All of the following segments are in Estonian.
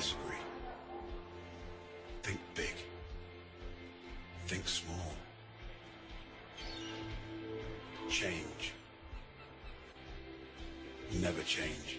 disagree. Think big. Think small. Change. Never change.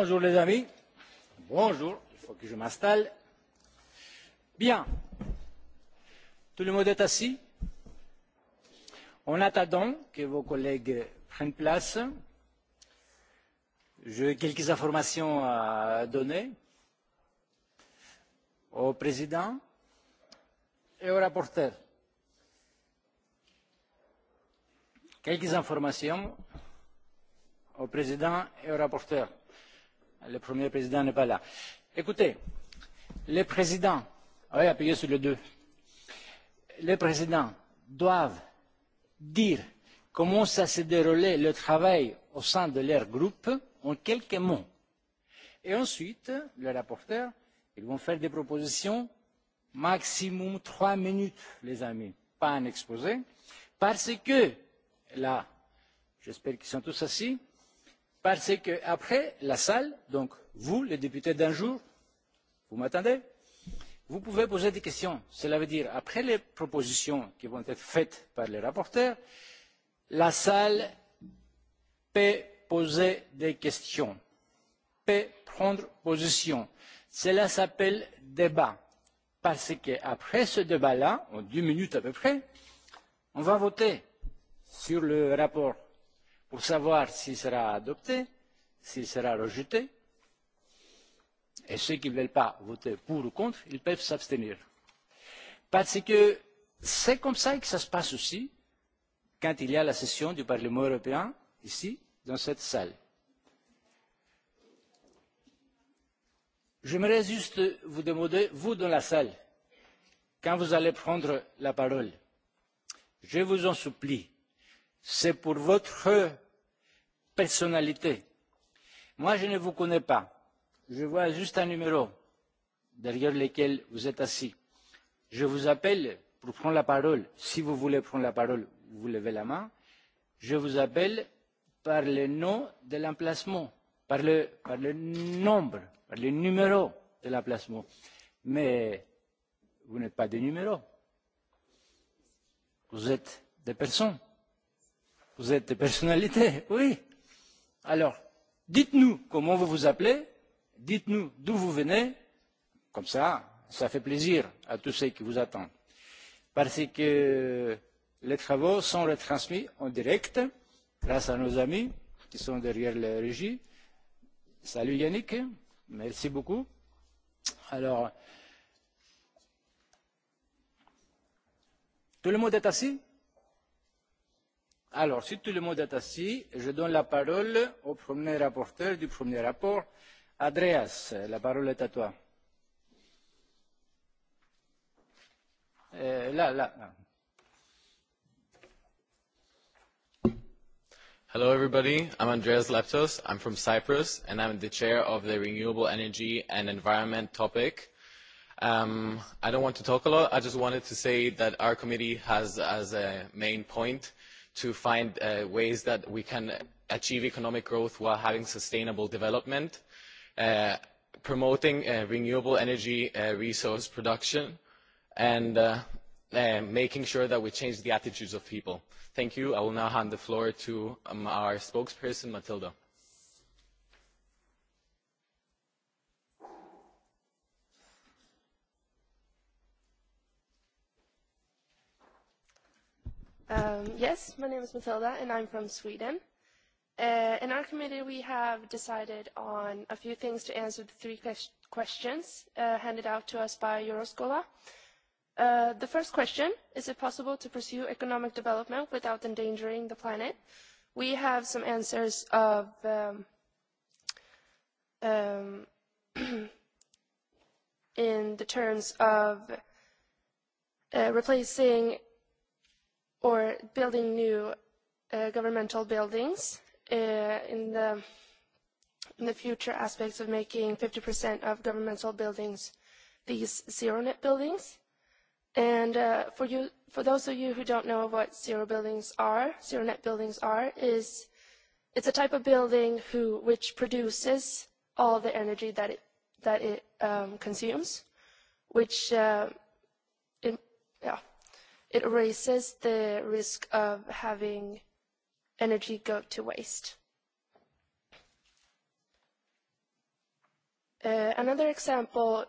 Bonjour les amis. Bonjour. Il faut que je m'installe. Bien. Tout le monde est assis. En attendant que vos collègues prennent place, j'ai quelques informations à donner au président et au rapporteur. Quelques informations au président et au rapporteur le premier président n'est pas là. Écoutez, les présidents, ah oui, appuyez sur le 2, les présidents doivent dire comment ça s'est déroulé le travail au sein de leur groupe en quelques mots. Et ensuite, les rapporteurs, ils vont faire des propositions maximum trois minutes, les amis, pas un exposé, parce que là, j'espère qu'ils sont tous assis, parce qu'après la salle donc vous les députés d'un jour vous m'entendez vous pouvez poser des questions. cela veut dire après les propositions qui vont être faites par les rapporteurs la salle peut poser des questions peut prendre position. cela s'appelle débat parce qu'après ce débat là en deux minutes à peu près on va voter sur le rapport pour savoir s'il sera adopté, s'il sera rejeté. Et ceux qui ne veulent pas voter pour ou contre, ils peuvent s'abstenir. Parce que c'est comme ça que ça se passe aussi quand il y a la session du Parlement européen ici, dans cette salle. J'aimerais juste vous demander, vous dans la salle, quand vous allez prendre la parole, je vous en supplie, c'est pour votre personnalité. Moi, je ne vous connais pas. Je vois juste un numéro derrière lequel vous êtes assis. Je vous appelle pour prendre la parole. Si vous voulez prendre la parole, vous levez la main. Je vous appelle par le nom de l'emplacement, par le, par le nombre, par le numéro de l'emplacement. Mais vous n'êtes pas des numéros. Vous êtes des personnes Vous êtes des personnalités, oui. Alors, dites-nous comment vous vous appelez, dites-nous d'où vous venez, comme ça, ça fait plaisir à tous ceux qui vous attendent. Parce que les travaux sont retransmis en direct grâce à nos amis qui sont derrière la régie. Salut Yannick, merci beaucoup. Alors, tout le monde est assis Alors, si tout le monde est assis, je donne la parole au premier rapporteur du premier rapport, Andreas. La parole est à toi. Euh, là, là, là. Hello, everybody. I'm Andreas Leptos. I'm from Cyprus, and I'm the chair of the Renewable Energy and Environment topic. Um, I don't want to talk a lot. I just wanted to say that our committee has as a main point to find uh, ways that we can achieve economic growth while having sustainable development, uh, promoting uh, renewable energy uh, resource production, and uh, uh, making sure that we change the attitudes of people. Thank you. I will now hand the floor to um, our spokesperson, Matilda. Um, yes, my name is Matilda, and I'm from Sweden. Uh, in our committee, we have decided on a few things to answer the three que- questions uh, handed out to us by Euroscola. Uh, the first question, is it possible to pursue economic development without endangering the planet? We have some answers of um, um, in the terms of uh, replacing or building new uh, governmental buildings uh, in the in the future aspects of making 50% of governmental buildings these zero net buildings. And uh, for you, for those of you who don't know what zero buildings are, zero net buildings are, is it's a type of building who which produces all the energy that it that it um, consumes, which uh, it, yeah, it raises the risk of having energy go to waste. Uh, another example,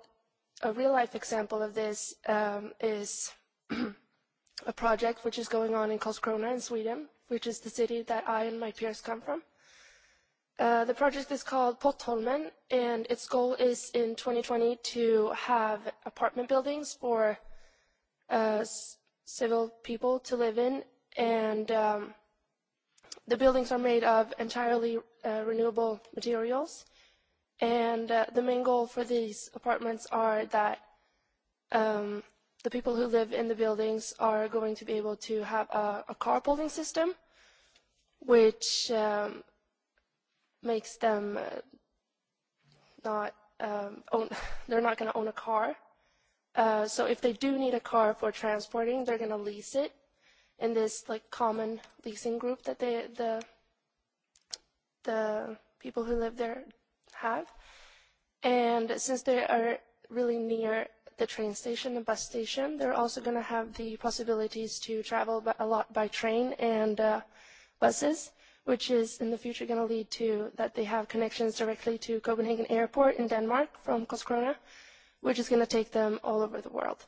a real-life example of this um, is a project which is going on in Karlskrona in Sweden, which is the city that I and my peers come from. Uh, the project is called Potholmen, and its goal is in 2020 to have apartment buildings for uh, civil people to live in, and um, the buildings are made of entirely uh, renewable materials. And uh, the main goal for these apartments are that um, the people who live in the buildings are going to be able to have a, a carpooling system, which um, makes them uh, not um, own. they're not going to own a car Uh, so if they do need a car for transporting, they're going to lease it in this like common leasing group that they the the people who live there have. And since they are really near the train station and bus station, they're also going to have the possibilities to travel by, a lot by train and uh, buses, which is in the future going to lead to that they have connections directly to Copenhagen Airport in Denmark from Koskrona We're just going to take them all over the world.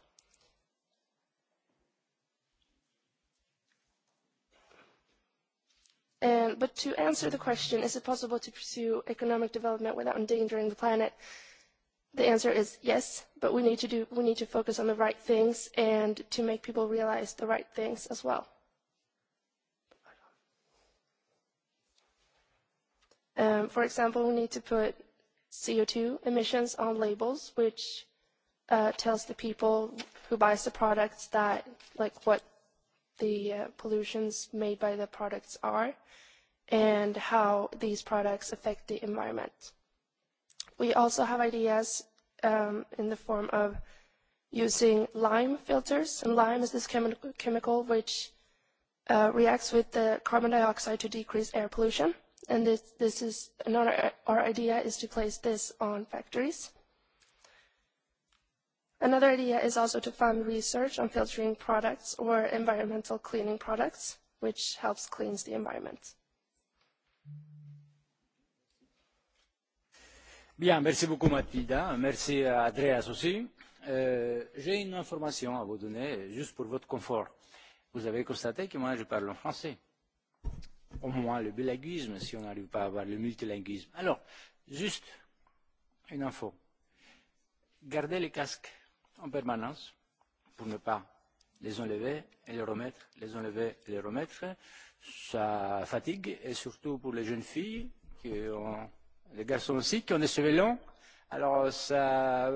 And, but to answer the question, is it possible to pursue economic development without endangering the planet? The answer is yes, but we need to do we need to focus on the right things and to make people realize the right things as well. Um, for example, we need to put CO2 emissions on labels, which uh, tells the people who buys the products that like what the uh, pollutions made by the products are and how these products affect the environment. We also have ideas um, in the form of using lime filters. And lime is this chemi chemical which uh, reacts with the carbon dioxide to decrease air pollution and this, this is another our idea is to place this on factories. Another idea is also to fund research on filtering products or environmental cleaning products, which helps cleanse the environment. Bien, merci beaucoup Mathilda, merci à Andreas aussi. Euh, J'ai une information à vous donner, juste pour votre confort. Vous avez constaté que moi je parle en français. Euh, au moins le bilinguisme si on n'arrive pas à avoir le multilinguisme. Alors, juste une info. Gardez les casques en permanence pour ne pas les enlever et les remettre, les enlever et les remettre. Ça fatigue et surtout pour les jeunes filles, qui ont, les garçons aussi, qui ont des cheveux longs. Alors ça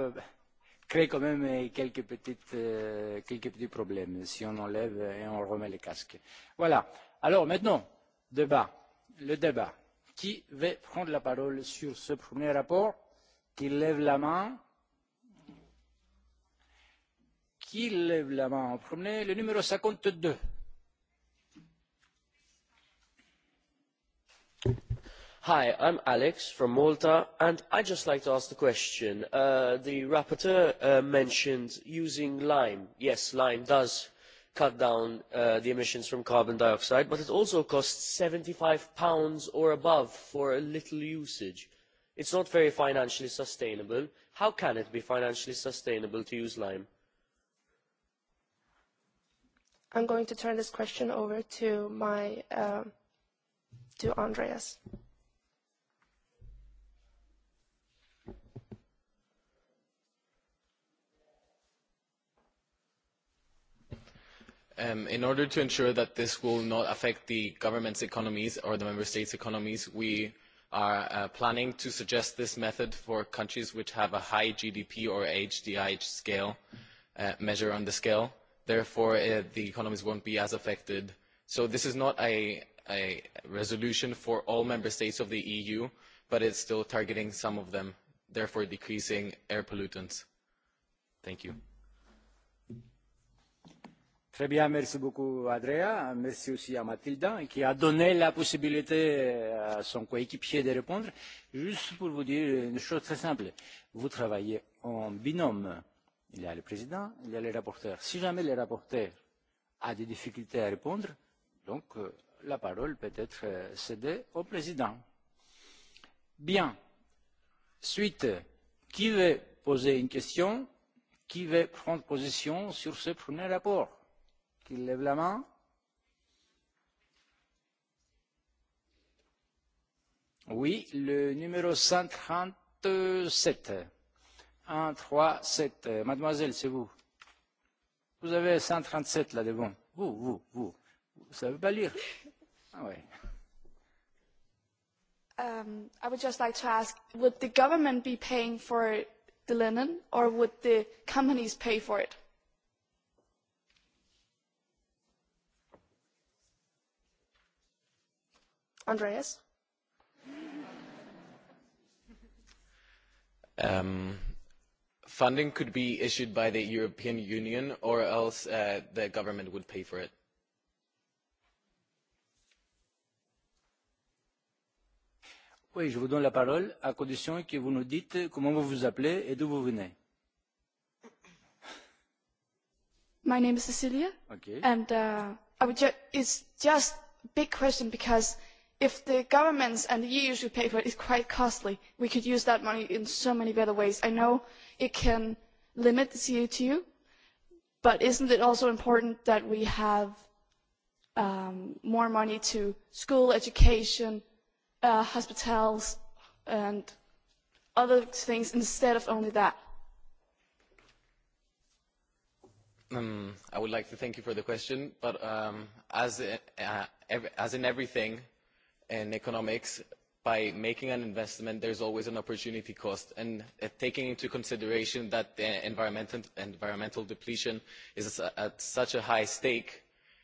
crée quand même quelques, petites, euh, quelques petits problèmes si on enlève et on remet les casques. Voilà. Alors maintenant, débat, le débat. Qui veut prendre la parole sur ce premier rapport Qui lève la main Qui lève la main en premier Le numéro 52. Hi, I'm Alex from Malta, and I'd just like to ask the question. Uh, the rapporteur uh, mentioned using lime. Yes, lime does cut down uh, the emissions from carbon dioxide, but it also costs £75 or above for a little usage. It's not very financially sustainable. How can it be financially sustainable to use lime? I'm going to turn this question over to my, uh, to Andreas. Um, in order to ensure that this will not affect the government's economies or the member states' economies, we are uh, planning to suggest this method for countries which have a high GDP or HDI scale uh, measure on the scale. Therefore, uh, the economies won't be as affected. So this is not a, a resolution for all member states of the EU, but it's still targeting some of them, therefore decreasing air pollutants. Thank you. Mm -hmm. Très bien, merci beaucoup Andrea, merci aussi à Mathilda qui a donné la possibilité euh, à son coéquipier de répondre. Juste pour vous dire une chose très simple, vous travaillez en binôme. Il y a le président, il y a les rapporteurs. Si jamais le rapporteur a des difficultés à répondre, donc euh, la parole peut être euh, cédée au président. Bien. Suite. Qui veut poser une question Qui veut prendre position sur ce premier rapport qui lève la main. Oui, le numéro 137. 1, 3, 7. Mademoiselle, c'est vous. Vous avez 137 là devant. Vous, vous, vous. Vous ne savez pas lire. Ah ouais. Um, I would just like to ask, would the government be paying for the linen or would the companies pay for it? Andreas? Um, funding could be issued by the European Union or else uh, the government would pay for it. Oui, je vous donne la parole à condition que vous nous dites comment vous vous appelez et d'où vous venez. My name is Cecilia. Okay. And uh, I would ju- it's just a big question because – if the governments and the EU should pay for it, it's quite costly. We could use that money in so many better ways. I know it can limit the CO2, but isn't it also important that we have um, more money to school, education, uh, hospitals, and other things instead of only that? Um, I would like to thank you for the question, but um, as, uh, ev- as in everything, in economics by making an investment, there's always an opportunity cost. And uh, taking into consideration that the environmental, environmental depletion is at such a high stake,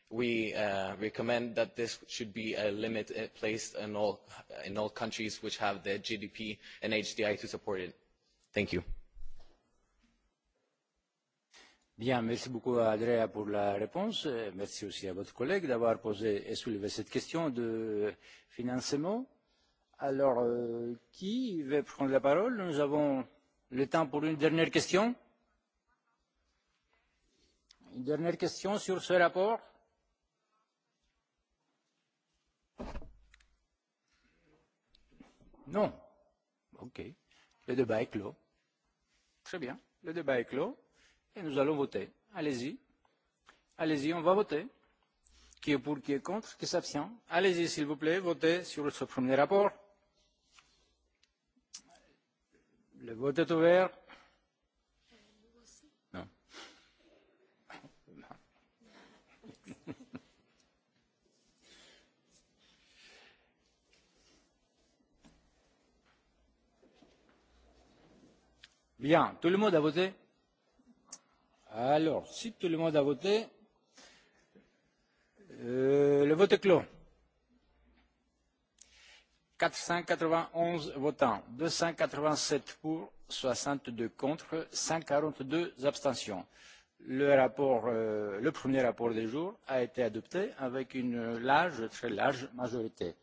we uh, recommend that this should be a limit uh, placed in all, in all countries which have the GDP and HDI to support it. Thank you. Bien, merci beaucoup à Andrea pour la réponse. Euh, merci aussi à votre collègue d'avoir posé et soulevé cette question de financement. Alors, euh, qui veut prendre la parole Nous avons le temps pour une dernière question. Une dernière question sur ce rapport Non. OK. Le débat est clos. Très bien. Le débat est clos et nous allons voter. Allez-y. Allez-y, on va voter qui est pour, qui est contre, qui s'abstient. Allez-y, s'il vous plaît, votez sur ce premier rapport. Le vote est ouvert. Non. Bien, tout le monde a voté Alors, si tout le monde a voté, Le vote est clos. 491 votants, 287 pour, 62 contre, 142 abstentions. Le, rapport, euh, le premier rapport du jour a été adopté avec une large, très large majorité.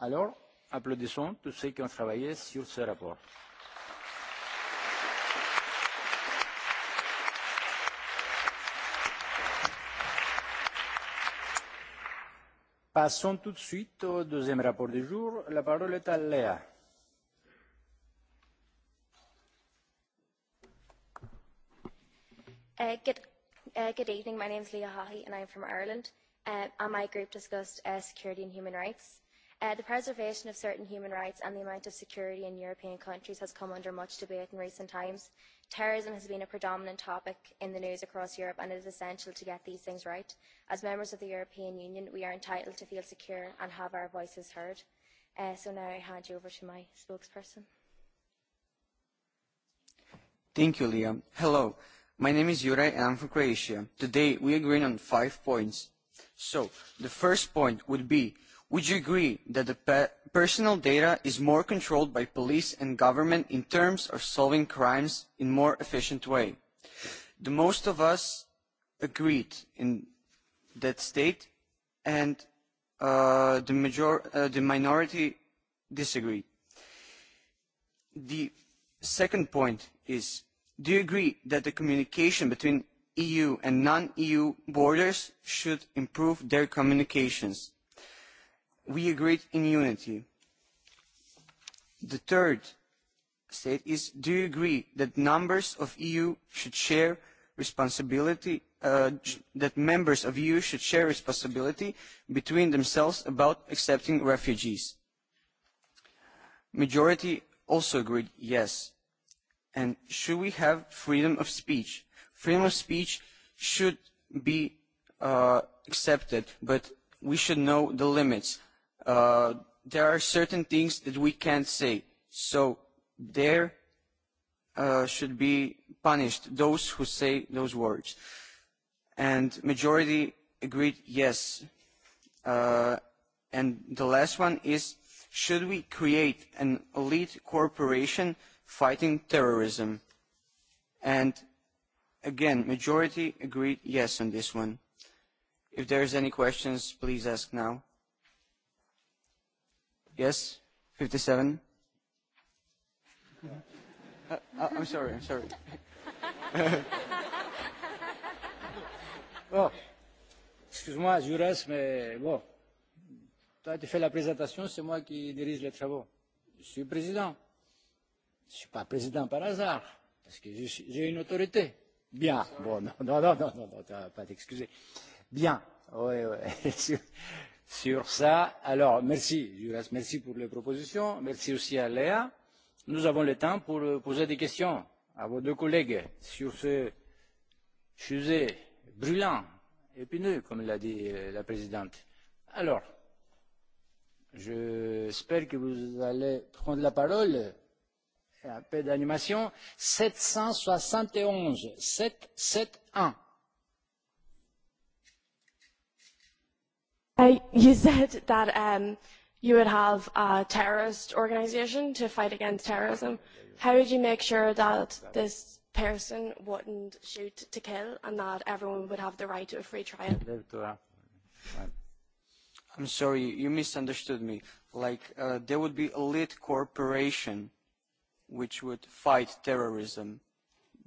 Alors, applaudissons tous ceux qui ont travaillé sur ce rapport. applaudissements Passons tout de suite au deuxième rapport du jour. La parole est à Léa. Uh, good, uh, good evening. My name is Leah Haughey, and I'm from Ireland. Uh, and my group discussed uh, security and human rights. Uh, the preservation of certain human rights and the amount of security in European countries has come under much debate in recent times. Terrorism has been a predominant topic in the news across Europe and it is essential to get these things right. As members of the European Union, we are entitled to feel secure and have our voices heard. Uh, so now I hand you over to my spokesperson. Thank you, Leah. Hello, my name is Juraj and I'm from Croatia. Today we agree on five points. So the first point would be Would you agree that the pe personal data is more controlled by police and government in terms of solving crimes in more efficient way? The most of us agreed in that state and uh, the, major uh, the minority disagreed. The second point is, do you agree that the communication between EU and non-EU borders should improve their communications? we agreed in unity. The third state is, do you agree that numbers of EU should share responsibility, uh, that members of EU should share responsibility between themselves about accepting refugees? Majority also agreed yes. And should we have freedom of speech? Freedom of speech should be uh, accepted, but we should know the limits uh, there are certain things that we can't say. So there uh, should be punished those who say those words. And majority agreed yes. Uh, and the last one is, should we create an elite corporation fighting terrorism? And again, majority agreed yes on this one. If there's any questions, please ask now. Yes? 57? Uh, uh, I'm sorry, I'm sorry. bon. Excuse-moi, Juras, mais bon. Toi, tu fais la présentation, c'est moi qui dirige les travaux. Je suis président. Je ne suis pas président par hasard, parce que j'ai une autorité. Bien. Bon, non, non, non, non, non, non tu vas pas t'excuser. Bien. Oui, oui. sur ça. Alors, merci, Juras, merci pour les propositions. Merci aussi à Léa. Nous avons le temps pour poser des questions à vos deux collègues sur ce sujet brûlant, épineux, comme l'a dit euh, la présidente. Alors, j'espère que vous allez prendre la parole. Un peu d'animation. 771, 771. Uh, you said that um, you would have a terrorist organisation to fight against terrorism. How would you make sure that this person wouldn't shoot to kill and that everyone would have the right to a free trial? I'm sorry, you misunderstood me. Like, uh, there would be elite corporation which would fight terrorism.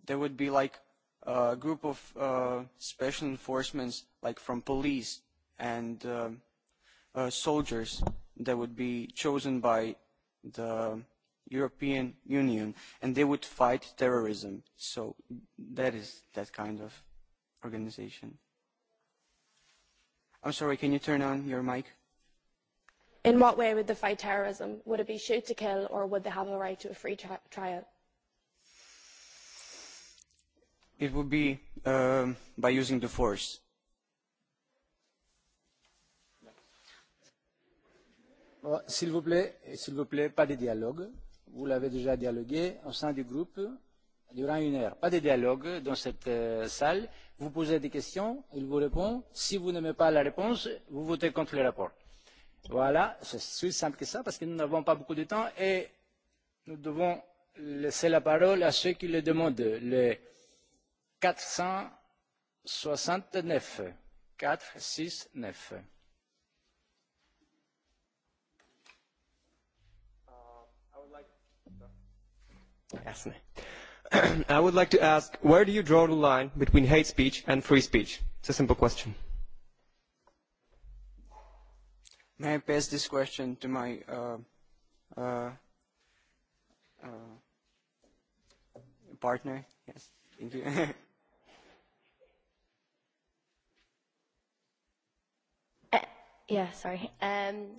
There would be like a group of uh, special enforcements, like from police, and uh, uh, soldiers that would be chosen by the European Union, and they would fight terrorism. So that is that kind of organization. I'm sorry, can you turn on your mic? In what way would they fight terrorism? Would it be shoot to kill, or would they have a right to a free tri- trial? It would be um, by using the force Oh, s'il vous plaît, s'il vous plaît, pas de dialogue. Vous l'avez déjà dialogué au sein du groupe durant une heure. Pas de dialogue dans cette euh, salle. Vous posez des questions, il vous répond. Si vous n'aimez pas la réponse, vous votez contre le rapport. Voilà, c'est aussi simple que ça parce que nous n'avons pas beaucoup de temps et nous devons laisser la parole à ceux qui le demandent. Le 469. 4, 6, 9. Jasné. I would like to ask, where do you draw the line between hate speech and free speech? It's a simple question. May I pass this question to my uh, uh, uh, partner? Yes, thank you. uh, yeah, sorry. Um,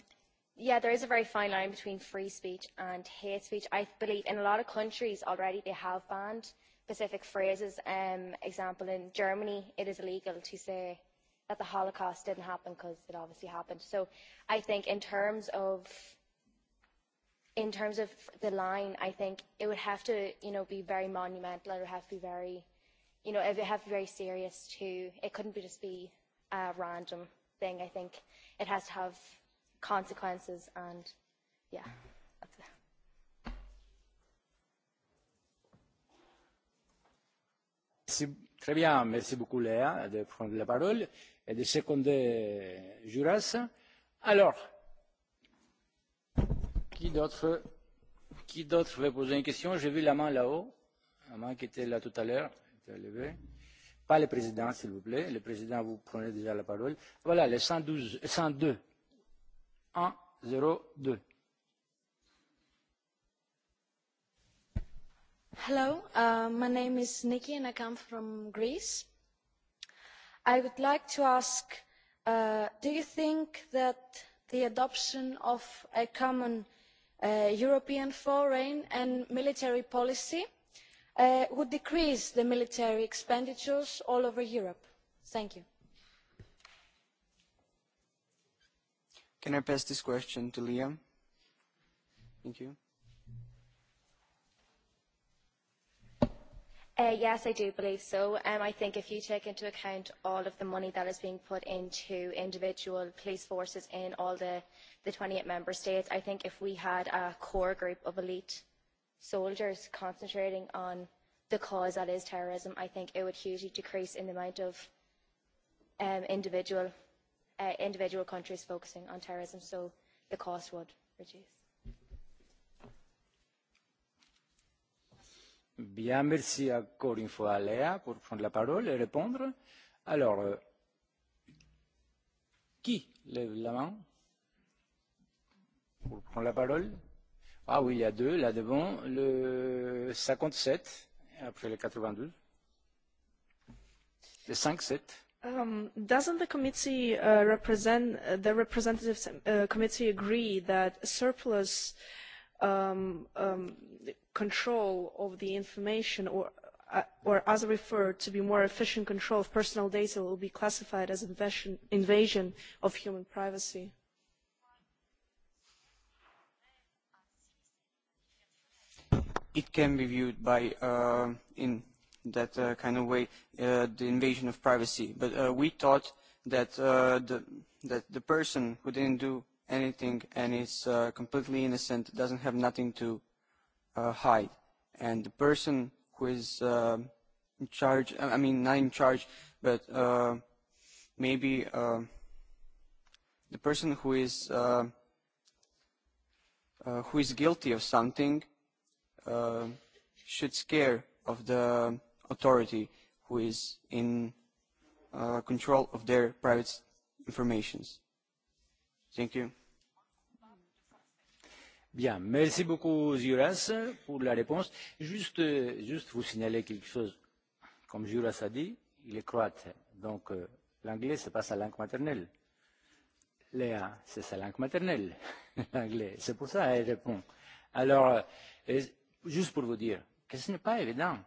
yeah, there is a very fine line between free speech and hate speech. I believe in a lot of countries already they have banned specific phrases. Um, example, in Germany, it is illegal to say that the Holocaust didn't happen because it obviously happened. So I think in terms of in terms of the line, I think it would have to, you know, be very monumental. It would have to be very, you know, it would have to be very serious. To it couldn't be just be a random thing. I think it has to have consequences and yeah, that's it. Merci, très bien, merci beaucoup Léa de prendre la parole et de seconder Juras. Alors, qui d'autre qui d'autre veut poser une question J'ai vu la main là-haut, la main qui était là tout à l'heure, était levée. Pas le président, s'il vous plaît. Le président, vous prenez déjà la parole. Voilà, le 112, 102 un zero deux. Hello, uh, my name is Nikki and I come from Greece. I would like to ask, uh, do you think that the adoption of a common uh, European foreign and military policy uh, would decrease the military expenditures all over Europe? Thank you. Can I pass this question to Liam? Thank you. Uh, yes, I do believe so. Um, I think if you take into account all of the money that is being put into individual police forces in all the, the 28 member states, I think if we had a core group of elite soldiers concentrating on the cause that is terrorism, I think it would hugely decrease in the amount of um, individual uh, individual countries focusing on terrorism, so the cost would reduce. Bien, merci encore une fois à Léa pour prendre la parole et répondre. Alors, euh, qui lève la main pour prendre la parole Ah oui, il y a deux là devant, le 57 après le 92, le 57. Um, doesn't the committee uh, represent uh, the representatives uh, committee agree that surplus um, um, control of the information or uh, or as referred to be more efficient control of personal data will be classified as invasion, invasion of human privacy? It can be viewed by uh, in that uh, kind of way uh, the invasion of privacy. But uh, we thought that uh, the that the person who didn't do anything and is uh, completely innocent doesn't have nothing to uh, hide, and the person who is uh, in charge, I mean not in charge, but uh, maybe uh, the person who is uh, uh, who is guilty of something uh, should scare of the authority who is in uh, control of their private informations. Thank you. Bien, merci beaucoup Juras pour la réponse. Juste, juste vous signaler quelque chose. Comme Juras a dit, il est croate, donc euh, l'anglais c'est pas sa langue maternelle. Léa, c'est sa langue maternelle, l'anglais. C'est pour ça qu'elle répond. Alors, euh, juste pour vous dire que ce n'est pas évident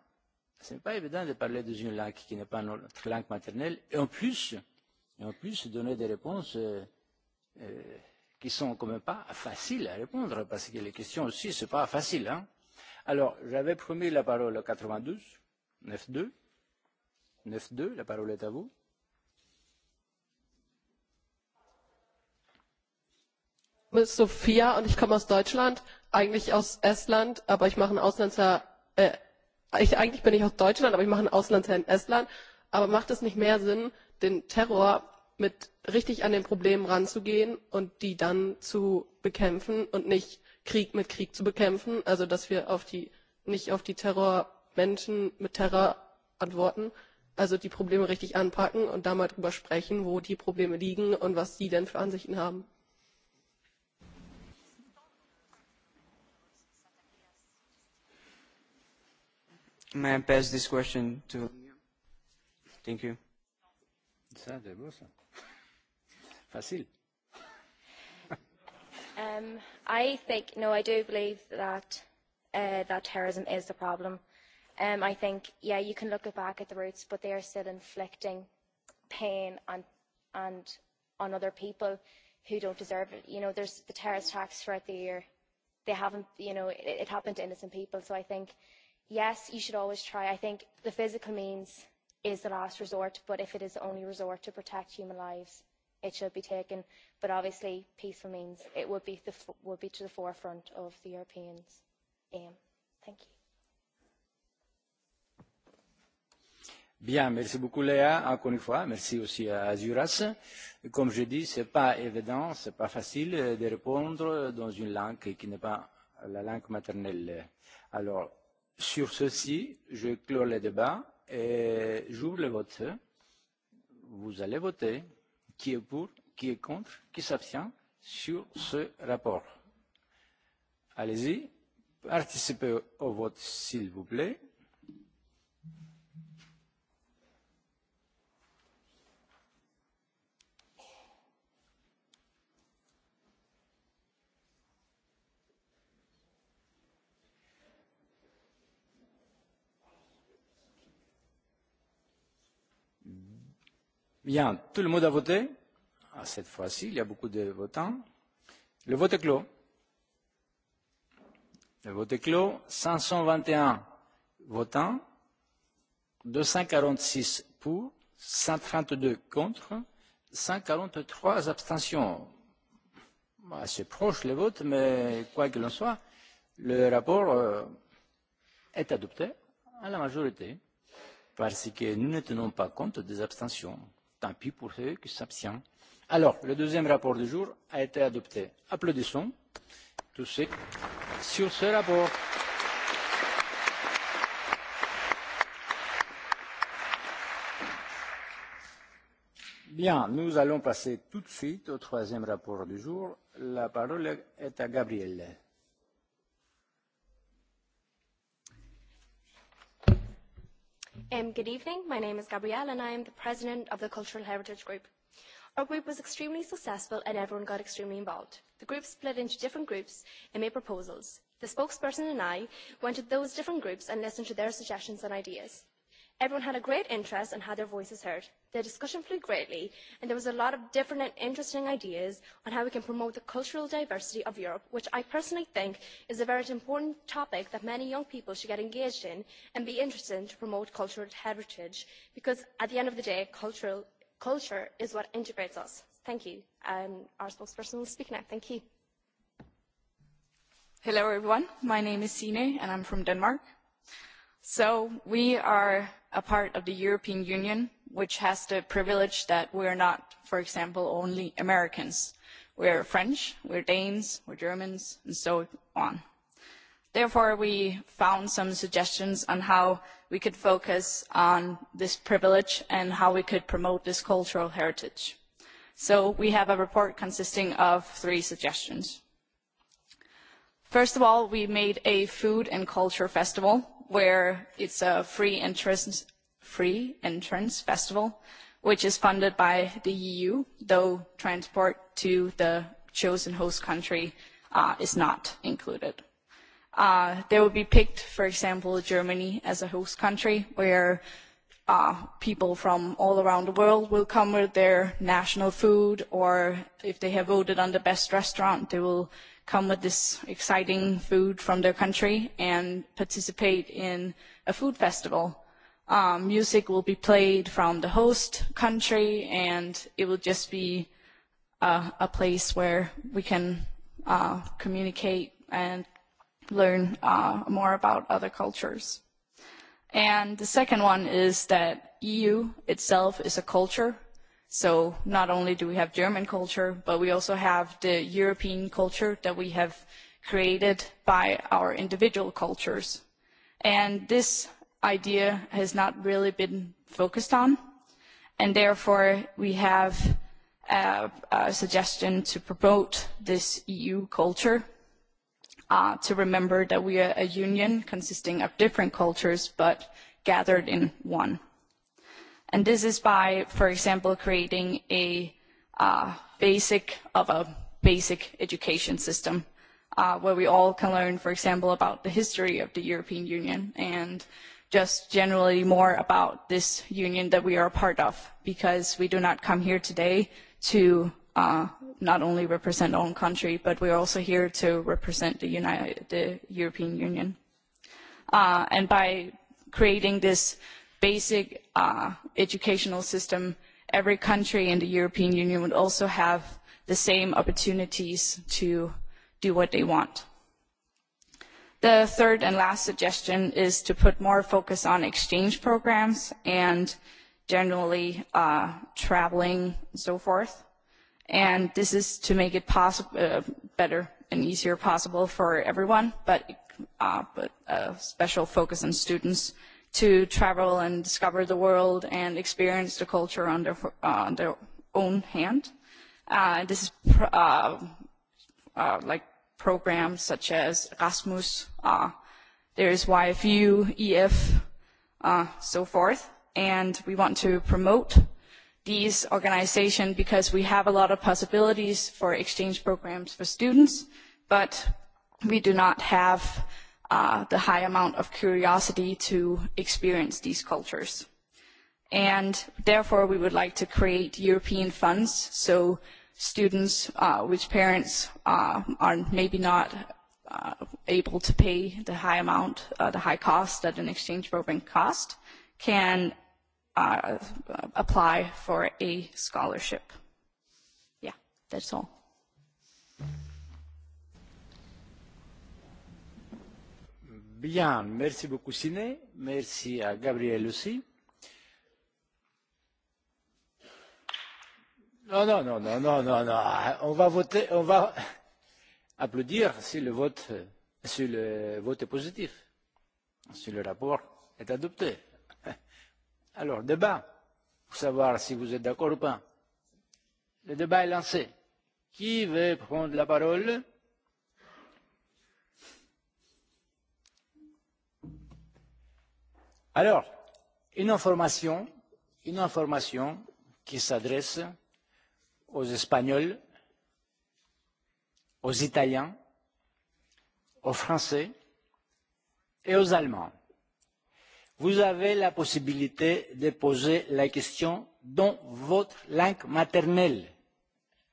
Ce n'est pas évident de parler dans une langue qui n'est pas notre langue maternelle et en plus, et en plus donner des réponses euh, euh, qui sont quand même pas faciles à répondre parce que les questions aussi c'est pas facile. Hein. Alors j'avais promis la parole au 92 92 92 la parole est à vous. ist Sophia und ich komme aus Deutschland, eigentlich aus Estland, aber ich mache ein Auslandsjahr, äh, ich, eigentlich bin ich aus Deutschland, aber ich mache ein Auslandsjahr in Estland. Aber macht es nicht mehr Sinn, den Terror mit richtig an den Problemen ranzugehen und die dann zu bekämpfen und nicht Krieg mit Krieg zu bekämpfen? Also, dass wir auf die, nicht auf die Terrormenschen mit Terror antworten, also die Probleme richtig anpacken und da mal drüber sprechen, wo die Probleme liegen und was die denn für Ansichten haben. May I pass this question to? Thank you. Ça, c'est beau, ça. Facile. Um, I think, no, I do believe that, uh, that terrorism is the problem. Um, I think, yeah, you can look back at the roots, but they are still inflicting pain on, and on other people who don't deserve it. You know, there's the terrorist attacks throughout the year. They haven't, you know, it, it happened to innocent people. So I think yes, you should always try. I think the physical means is the last resort, but if it is the only resort to protect human lives, it should be taken. But obviously, peaceful means it would be, the, would be to the forefront of the Europeans' aim. Thank you. Bien, merci beaucoup Léa, encore une fois. Merci aussi à Azuras. Comme je dis, ce n'est pas évident, ce n'est pas facile de répondre dans une langue qui n'est pas la langue maternelle. Alors, Sur ceci, je clôt le débat et j'ouvre le vote. Vous allez voter qui est pour, qui est contre, qui s'abstient sur ce rapport. Allez-y, participez au vote s'il vous plaît. Bien, tout le monde a voté. Ah, cette fois-ci, il y a beaucoup de votants. Le vote est clos. Le vote est clos. 521 votants, 246 pour, 132 contre, 143 abstentions. Bah, C'est proche le vote, mais quoi qu'il en soit, le rapport euh, est adopté à la majorité parce que nous ne tenons pas compte des abstentions. Tant pis pour ceux qui s'abstiennent. Alors, le deuxième rapport du jour a été adopté. Applaudissons tous ceux sur ce rapport. Bien, nous allons passer tout de suite au troisième rapport du jour. La parole est à Gabrielle. Um, good evening. My name is Gabrielle and I am the president of the Cultural Heritage Group. Our group was extremely successful and everyone got extremely involved. The group split into different groups and made proposals. The spokesperson and I went to those different groups and listened to their suggestions and ideas. Everyone had a great interest and had their voices heard. The discussion flew greatly, and there was a lot of different and interesting ideas on how we can promote the cultural diversity of Europe, which I personally think is a very important topic that many young people should get engaged in and be interested in to promote cultural heritage, because at the end of the day, cultural, culture is what integrates us. Thank you. Um, our spokesperson will speak now. Thank you. Hello, everyone. My name is Sine, and I'm from Denmark. So we are a part of the European Union, which has the privilege that we're not, for example, only Americans. We're French, we're Danes, we're Germans, and so on. Therefore, we found some suggestions on how we could focus on this privilege and how we could promote this cultural heritage. So we have a report consisting of three suggestions. First of all, we made a food and culture festival where it's a free entrance, free entrance festival, which is funded by the EU, though transport to the chosen host country uh, is not included. Uh, they will be picked, for example, Germany as a host country, where uh, people from all around the world will come with their national food, or if they have voted on the best restaurant, they will come with this exciting food from their country and participate in a food festival. Um, music will be played from the host country, and it will just be uh, a place where we can uh, communicate and learn uh, more about other cultures. And the second one is that EU itself is a culture. So not only do we have German culture, but we also have the European culture that we have created by our individual cultures. And this idea has not really been focused on. And therefore, we have a, uh, a suggestion to promote this EU culture uh, to remember that we are a union consisting of different cultures but gathered in one. And this is by, for example, creating a uh, basic of a basic education system uh, where we all can learn, for example, about the history of the European Union and just generally more about this union that we are a part of because we do not come here today to uh, not only represent our own country, but we're also here to represent the, United, the European Union. Uh, and by creating this basic uh, educational system, every country in the European Union would also have the same opportunities to do what they want. The third and last suggestion is to put more focus on exchange programs and generally uh, traveling and so forth and this is to make it possible uh, better and easier possible for everyone but uh, but a special focus on students to travel and discover the world and experience the culture on their, uh, on their own hand. Uh, this is pr uh, uh, like programs such as Erasmus, uh, there is YFU, EF, uh, so forth. And we want to promote these organizations because we have a lot of possibilities for exchange programs for students, but we do not have uh, the high amount of curiosity to experience these cultures. And therefore, we would like to create European funds so students uh, which parents uh, are maybe not uh, able to pay the high amount, uh, the high cost that an exchange program cost, can uh, apply for a scholarship. Yeah, that's all. Bien, merci beaucoup Siné, merci à Gabriel aussi. Non, non, non, non, non, non, non. On va voter, on va applaudir si le vote, si le vote est positif, si le rapport est adopté. Alors, débat, pour savoir si vous êtes d'accord ou pas. Le débat est lancé. Qui veut prendre la parole Alors, une information, une information qui s'adresse aux Espagnols, aux Italiens, aux Français et aux Allemands vous avez la possibilité de poser la question dans votre langue maternelle.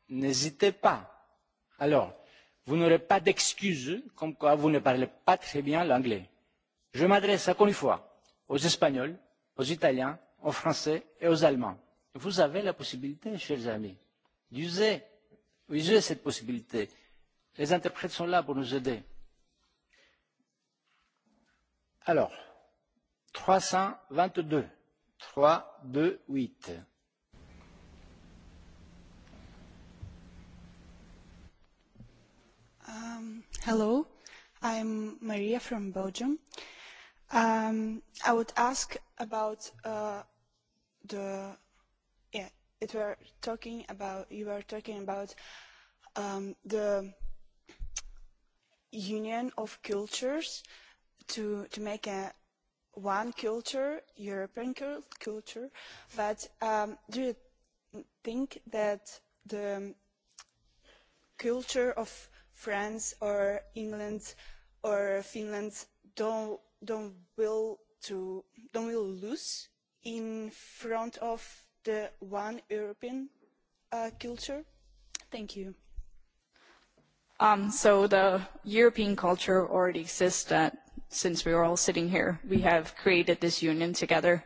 N'hésitez pas. Alors, vous n'aurez pas d'excuses comme quoi vous ne parlez pas très bien l'anglais. Je m'adresse encore une fois aux Espagnols, aux Italiens, aux Français et aux Allemands. Vous avez la possibilité, chers amis, d'user, user cette possibilité. Les interprètes sont là pour nous aider. Alors, trois cent vingt deux trois deux huit um, hello i'm maria from belgium um, i would ask about uh, the yeah it were talking about you were talking about um, the union of cultures to to make a one culture, European culture, but um, do you think that the culture of France or England or Finland don't don't will to don't will lose in front of the one European uh, culture? Thank you. Um, so the European culture already exists that since we are all sitting here, we have created this union together.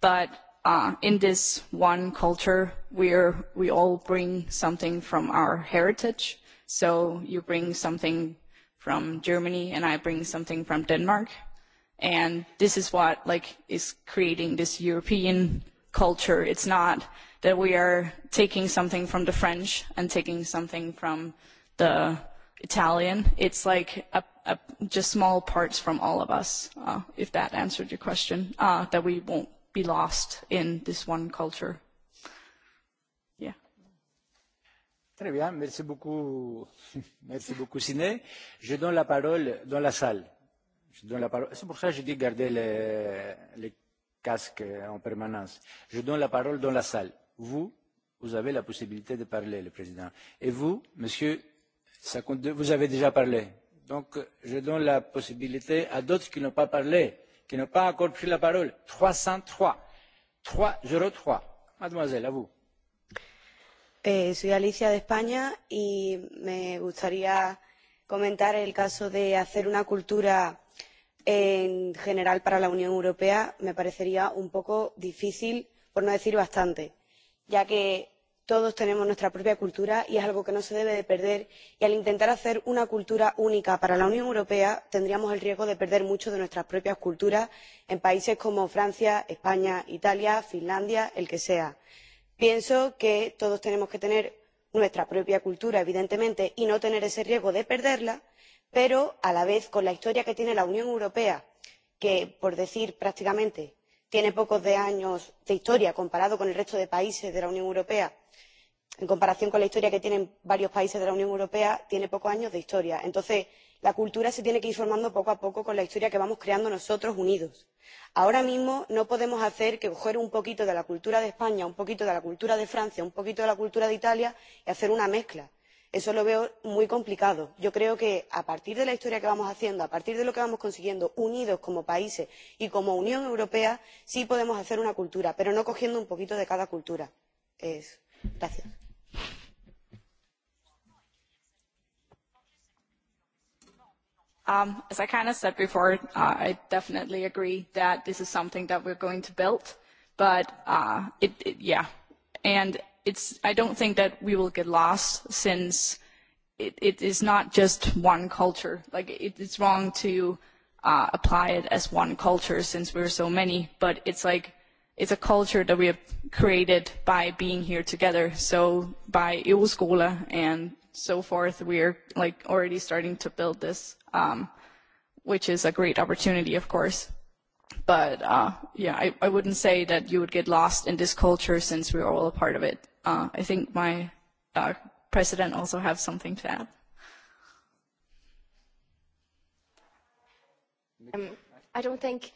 But uh, in this one culture, we're, we all bring something from our heritage. So you bring something from Germany, and I bring something from Denmark. And this is what like is creating this European culture. It's not that we are taking something from the French and taking something from the Italian. It's like a, a, just small parts from all of us, uh, if that answered your question, uh, that we won't be lost in this one culture. Yeah. Très bien, merci beaucoup, merci beaucoup Siné. Je donne la parole dans la salle. Je donne la parole. C'est pour ça que je dis garder les, les casques en permanence. Je donne la parole dans la salle. Vous, vous avez la possibilité de parler, le président. Et vous, monsieur 52, vous avez déjà parlé. Donc, je donne la possibilité à d'autres qui n'ont pas parlé, qui n'ont pas encore pris la parole. 303. 303. Mademoiselle, à vous. Eh, soy Alicia de España y me gustaría comentar el caso de hacer una cultura en general para la Unión Europea. Me parecería un poco difícil, por no decir bastante, ya que todos tenemos nuestra propia cultura y es algo que no se debe perder y al intentar hacer una cultura única para la unión europea tendríamos el riesgo de perder mucho de nuestras propias culturas en países como francia españa italia finlandia el que sea. pienso que todos tenemos que tener nuestra propia cultura evidentemente y no tener ese riesgo de perderla pero a la vez con la historia que tiene la unión europea que por decir prácticamente tiene pocos años de historia comparado con el resto de países de la unión europea en comparación con la historia que tienen varios países de la unión europea tiene pocos años de historia. entonces la cultura se tiene que ir formando poco a poco con la historia que vamos creando nosotros unidos. ahora mismo no podemos hacer que coger un poquito de la cultura de españa un poquito de la cultura de francia un poquito de la cultura de italia y hacer una mezcla. eso lo veo muy complicado. yo creo que a partir de la historia que vamos haciendo a partir de lo que vamos consiguiendo unidos como países y como unión europea sí podemos hacer una cultura pero no cogiendo un poquito de cada cultura. Eso. Gracias. Um, as I kind of said before, uh, I definitely agree that this is something that we're going to build, but uh, it, it, yeah, and it's. I don't think that we will get lost since it, it is not just one culture. Like it, it's wrong to uh, apply it as one culture since we're so many, but it's like it's a culture that we have created by being here together. So by Euskola and so forth, we're like already starting to build this um, which is a great opportunity, of course. But uh, yeah, I, I wouldn't say that you would get lost in this culture since we're all a part of it. Uh, I think my uh, president also have something to add. Um, I don't think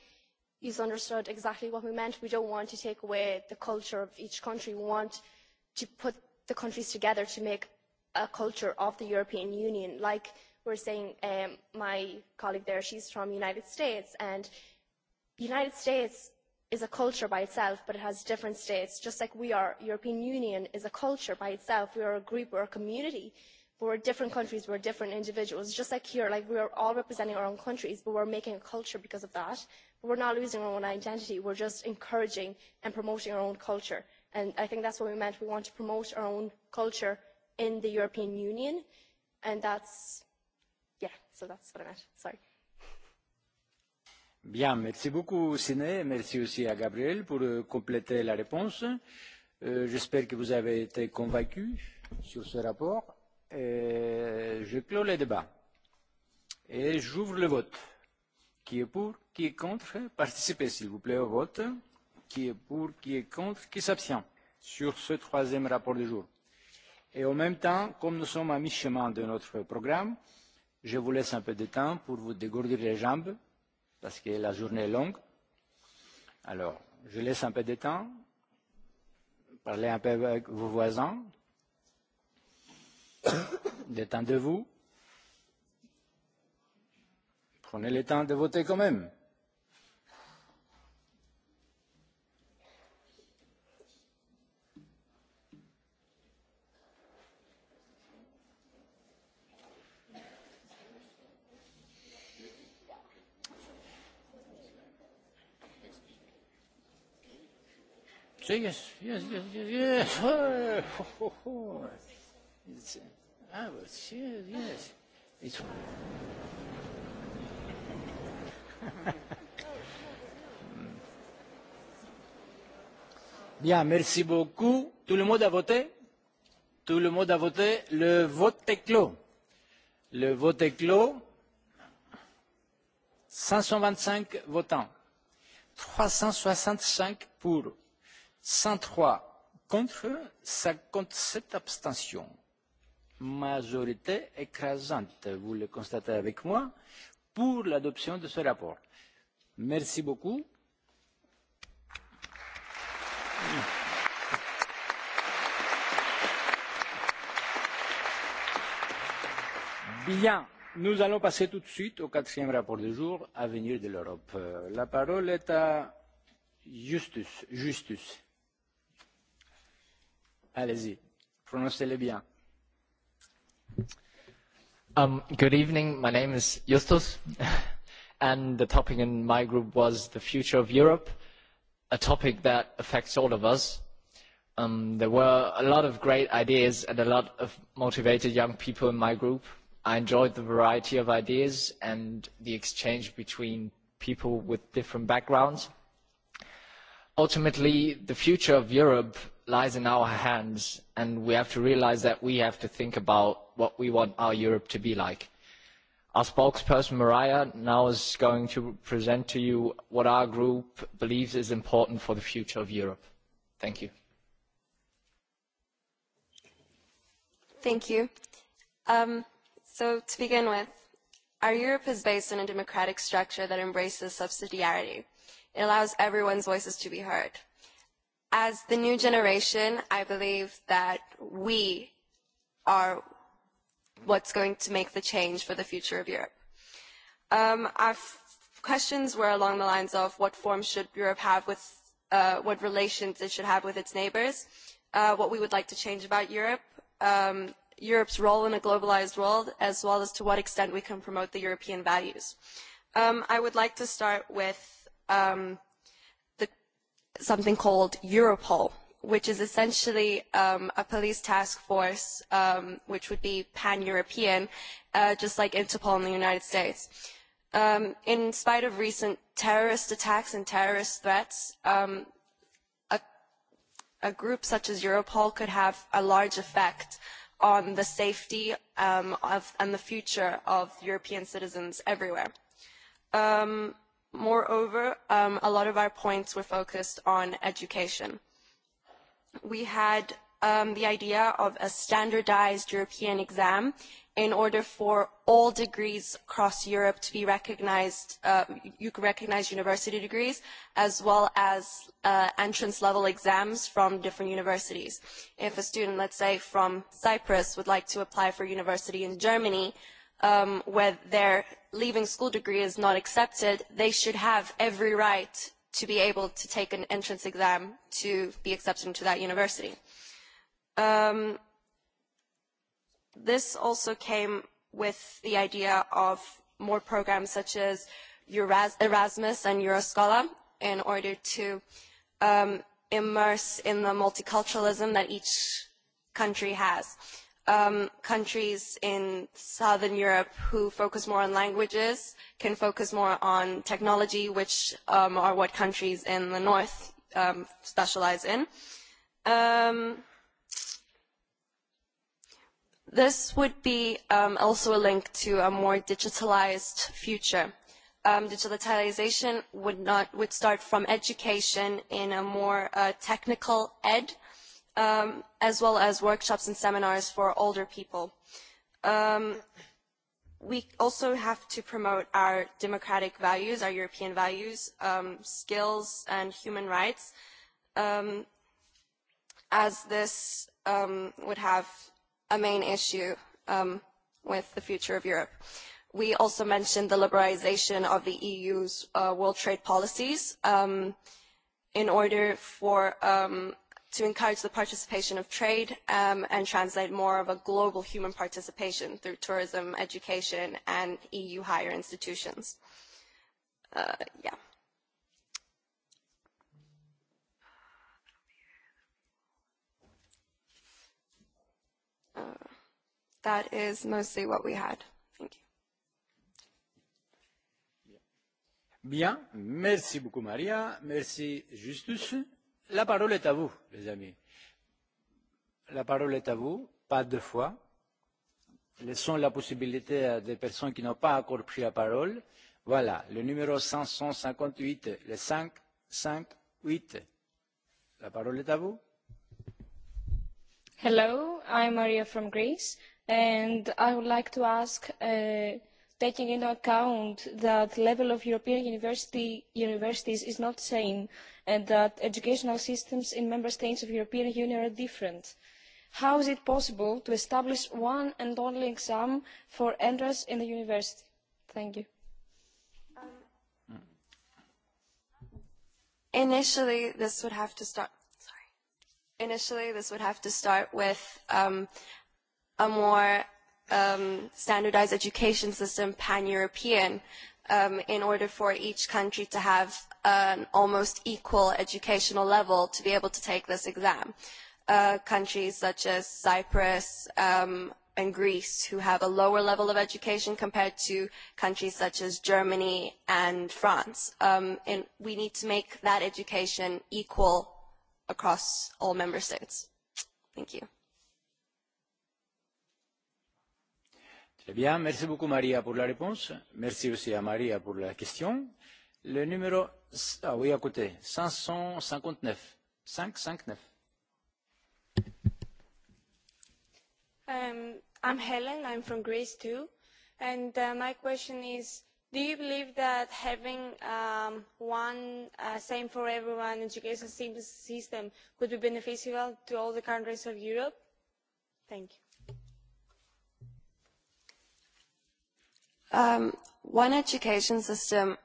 you've understood exactly what we meant. We don't want to take away the culture of each country. We want to put the countries together to make a culture of the European Union, like were saying um, my colleague there, she's from United States, and United States is a culture by itself, but it has different states, just like we are. European Union is a culture by itself. We are a group, we're a community, but we're different countries, we're different individuals. Just like here, like we are all representing our own countries, but we're making a culture because of that. But we're not losing our own identity. We're just encouraging and promoting our own culture. And I think that's what we meant. We want to promote our own culture in the European Union, and that's So that's what I meant. Sorry. Bien, merci beaucoup Siné, merci aussi à Gabriel pour euh, compléter la réponse. Euh, J'espère que vous avez été convaincus sur ce rapport. Et je clôt le débat et j'ouvre le vote. Qui est pour, qui est contre Participez s'il vous plaît au vote. Qui est pour, qui est contre, qui s'abstient sur ce troisième rapport du jour. Et en même temps, comme nous sommes à mi-chemin de notre programme, euh, Je vous laisse un peu de temps pour vous dégourdir les jambes, parce que la journée est longue. Alors, je laisse un peu de temps. Parlez un peu avec vos voisins. Détendez-vous. Prenez le temps de voter quand même. Yes, yes, yes, yes. Oh, oh, oh. It's, ah, but yes, yes. It's. Bien, merci beaucoup. Tout le monde a voté Tout le monde a voté Le vote est clos. Le vote est clos. 525 votants. 365 pour, 103 contre, 57 abstentions. Majorité écrasante, vous le constatez avec moi, pour l'adoption de ce rapport. Merci beaucoup. Bien, nous allons passer tout de suite au quatrième rapport du jour, Avenir de l'Europe. Euh, la parole est à Justus. Justus. Allez-y, prononcez-le bien. Um, good evening, my name is Justus, and the topic in my group was the future of Europe, a topic that affects all of us. Um, there were a lot of great ideas and a lot of motivated young people in my group. I enjoyed the variety of ideas and the exchange between people with different backgrounds. Ultimately, the future of Europe lies in our hands, and we have to realize that we have to think about what we want our Europe to be like. Our spokesperson, Mariah, now is going to present to you what our group believes is important for the future of Europe. Thank you. Thank you. Um, so to begin with, our Europe is based on a democratic structure that embraces subsidiarity. It allows everyone's voices to be heard as the new generation, I believe that we are what's going to make the change for the future of Europe. Um, our f- questions were along the lines of what form should Europe have with, uh, what relations it should have with its neighbors, uh, what we would like to change about Europe, um, Europe's role in a globalized world, as well as to what extent we can promote the European values. Um, I would like to start with um, something called Europol, which is essentially um, a police task force, um, which would be pan-European, uh, just like Interpol in the United States. Um, in spite of recent terrorist attacks and terrorist threats, um, a, a group such as Europol could have a large effect on the safety um, of, and the future of European citizens everywhere. Um, Moreover, um, a lot of our points were focused on education. We had um, the idea of a standardized European exam in order for all degrees across Europe to be recognized, uh, you can recognize university degrees as well as uh, entrance level exams from different universities. If a student, let's say from Cyprus, would like to apply for university in Germany, uh, um, where their leaving school degree is not accepted, they should have every right to be able to take an entrance exam to be accepted into that university. Um, this also came with the idea of more programs such as Euras- Erasmus and Euroscholar in order to um, immerse in the multiculturalism that each country has. Uh, um, countries in southern Europe who focus more on languages can focus more on technology, which um, are what countries in the north um, specialize in. Um, this would be um, also a link to a more digitalized future. Um, digitalization would not would start from education in a more uh, technical ed uh, um, as well as workshops and seminars for older people. Um, we also have to promote our democratic values, our European values, um, skills and human rights, um, as this um, would have a main issue um, with the future of Europe. We also mentioned the liberalization of the EU's uh, world trade policies um, in order for um, to encourage the participation of trade um, and translate more of a global human participation through tourism, education, and EU higher institutions. Uh, yeah. Uh, that is mostly what we had. Thank you. Bien. Merci beaucoup, Maria. Merci, Justus. La parole est à vous, les amis. La parole est à vous, pas deux fois. Laissons la possibilité à des personnes qui n'ont pas encore pris la parole. Voilà, le numéro 558, le 558. La parole est à vous. Hello, I'm Maria from Greece, and I would like to ask, uh, taking into account that level of European university, universities is not the same, and that educational systems in member states of the european union are different. how is it possible to establish one and only exam for entrance into university? thank you. Um, initially this would have to start sorry initially this would have to start with um, a more um, standardized education system pan-european um, in order for each country to have an almost equal educational level to be able to take this exam. Uh, countries such as Cyprus um, and Greece, who have a lower level of education compared to countries such as Germany and France. Um, and we need to make that education equal across all member states. Thank you. Eh bien, merci beaucoup Maria pour la réponse. Merci aussi à Maria pour la question. Le numéro, ah oui, à côté, 559. 559. Um, I'm Helen, I'm from Greece too. And uh, my question is, do you believe that having um, one uh, same for everyone education system could be beneficial to all the countries of Europe? Thank you. um, one education system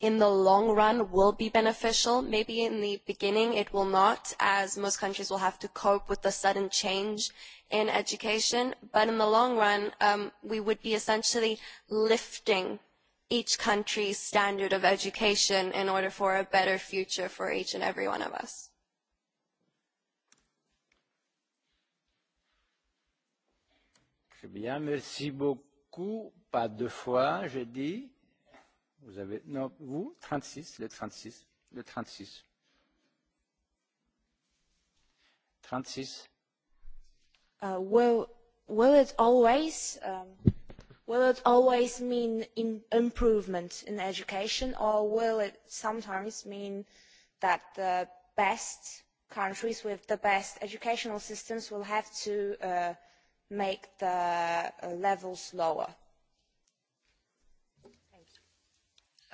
in the long run will be beneficial. Maybe in the beginning it will not, as most countries will have to cope with the sudden change in education. But in the long run, um, we would be essentially lifting each country's standard of education in order for a better future for each and every one of us. Très bien, merci beaucoup coup, pas deux fois, j'ai dit. Vous avez, non, vous, 36, le 36, le 36. 36. Uh, will, will it always, um, will it always mean in improvement in education or will it sometimes mean that the best countries with the best educational systems will have to uh, make the levels lower?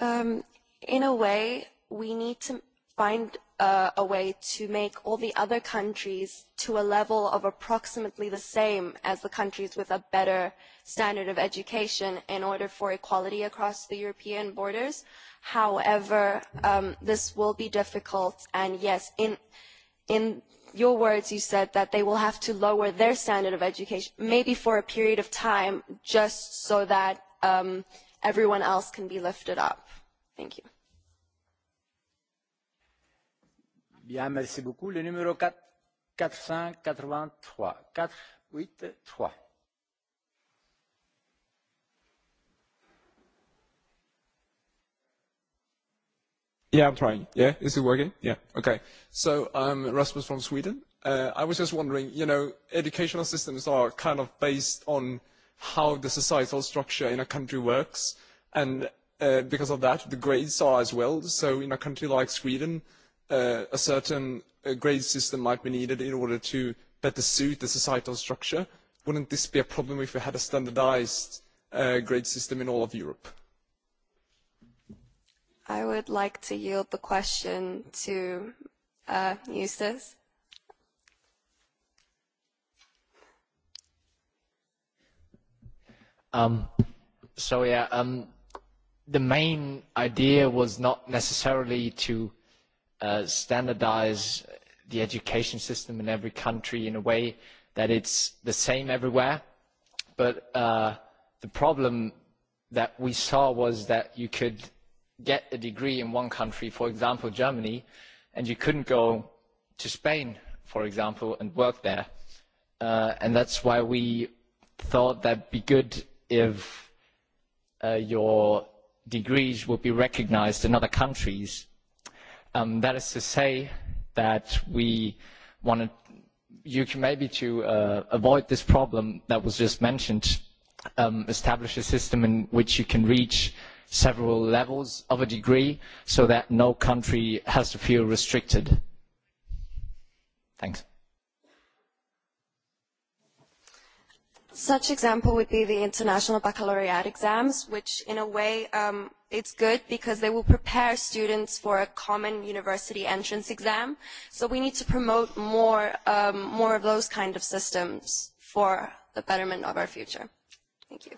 Um, in a way, we need to find uh, a way to make all the other countries to a level of approximately the same as the countries with a better standard of education in order for equality across the European borders. However, um, this will be difficult, and yes, in in your words, you said that they will have to lower their standard of education, maybe for a period of time, just so that um, everyone else can be lifted up. Thank you. Bien, merci beaucoup. Le numéro 4, 483, 483. Yeah, I'm trying. Yeah, is it working? Yeah, okay. So I'm um, Rasmus from Sweden. Uh, I was just wondering, you know, educational systems are kind of based on how the societal structure in a country works, and uh, because of that, the grades are as well. So in a country like Sweden, uh, a certain uh, grade system might be needed in order to better suit the societal structure. Wouldn't this be a problem if we had a standardized uh, grade system in all of Europe? I would like to yield the question to uh, Eustace. Um, so yeah, um, the main idea was not necessarily to uh, standardize the education system in every country in a way that it's the same everywhere. But uh, the problem that we saw was that you could get a degree in one country, for example, Germany, and you couldn't go to Spain, for example, and work there. Uh, and that's why we thought that'd be good if uh, your degrees would be recognized in other countries. Um, that is to say that we wanted you can maybe to uh, avoid this problem that was just mentioned, um, establish a system in which you can reach uh, several levels of a degree so that no country has to feel restricted? Thanks. Such example would be the international baccalaureate exams, which in a way um, it's good because they will prepare students for a common university entrance exam. So we need to promote more, um, more of those kind of systems for the betterment of our future. Thank you.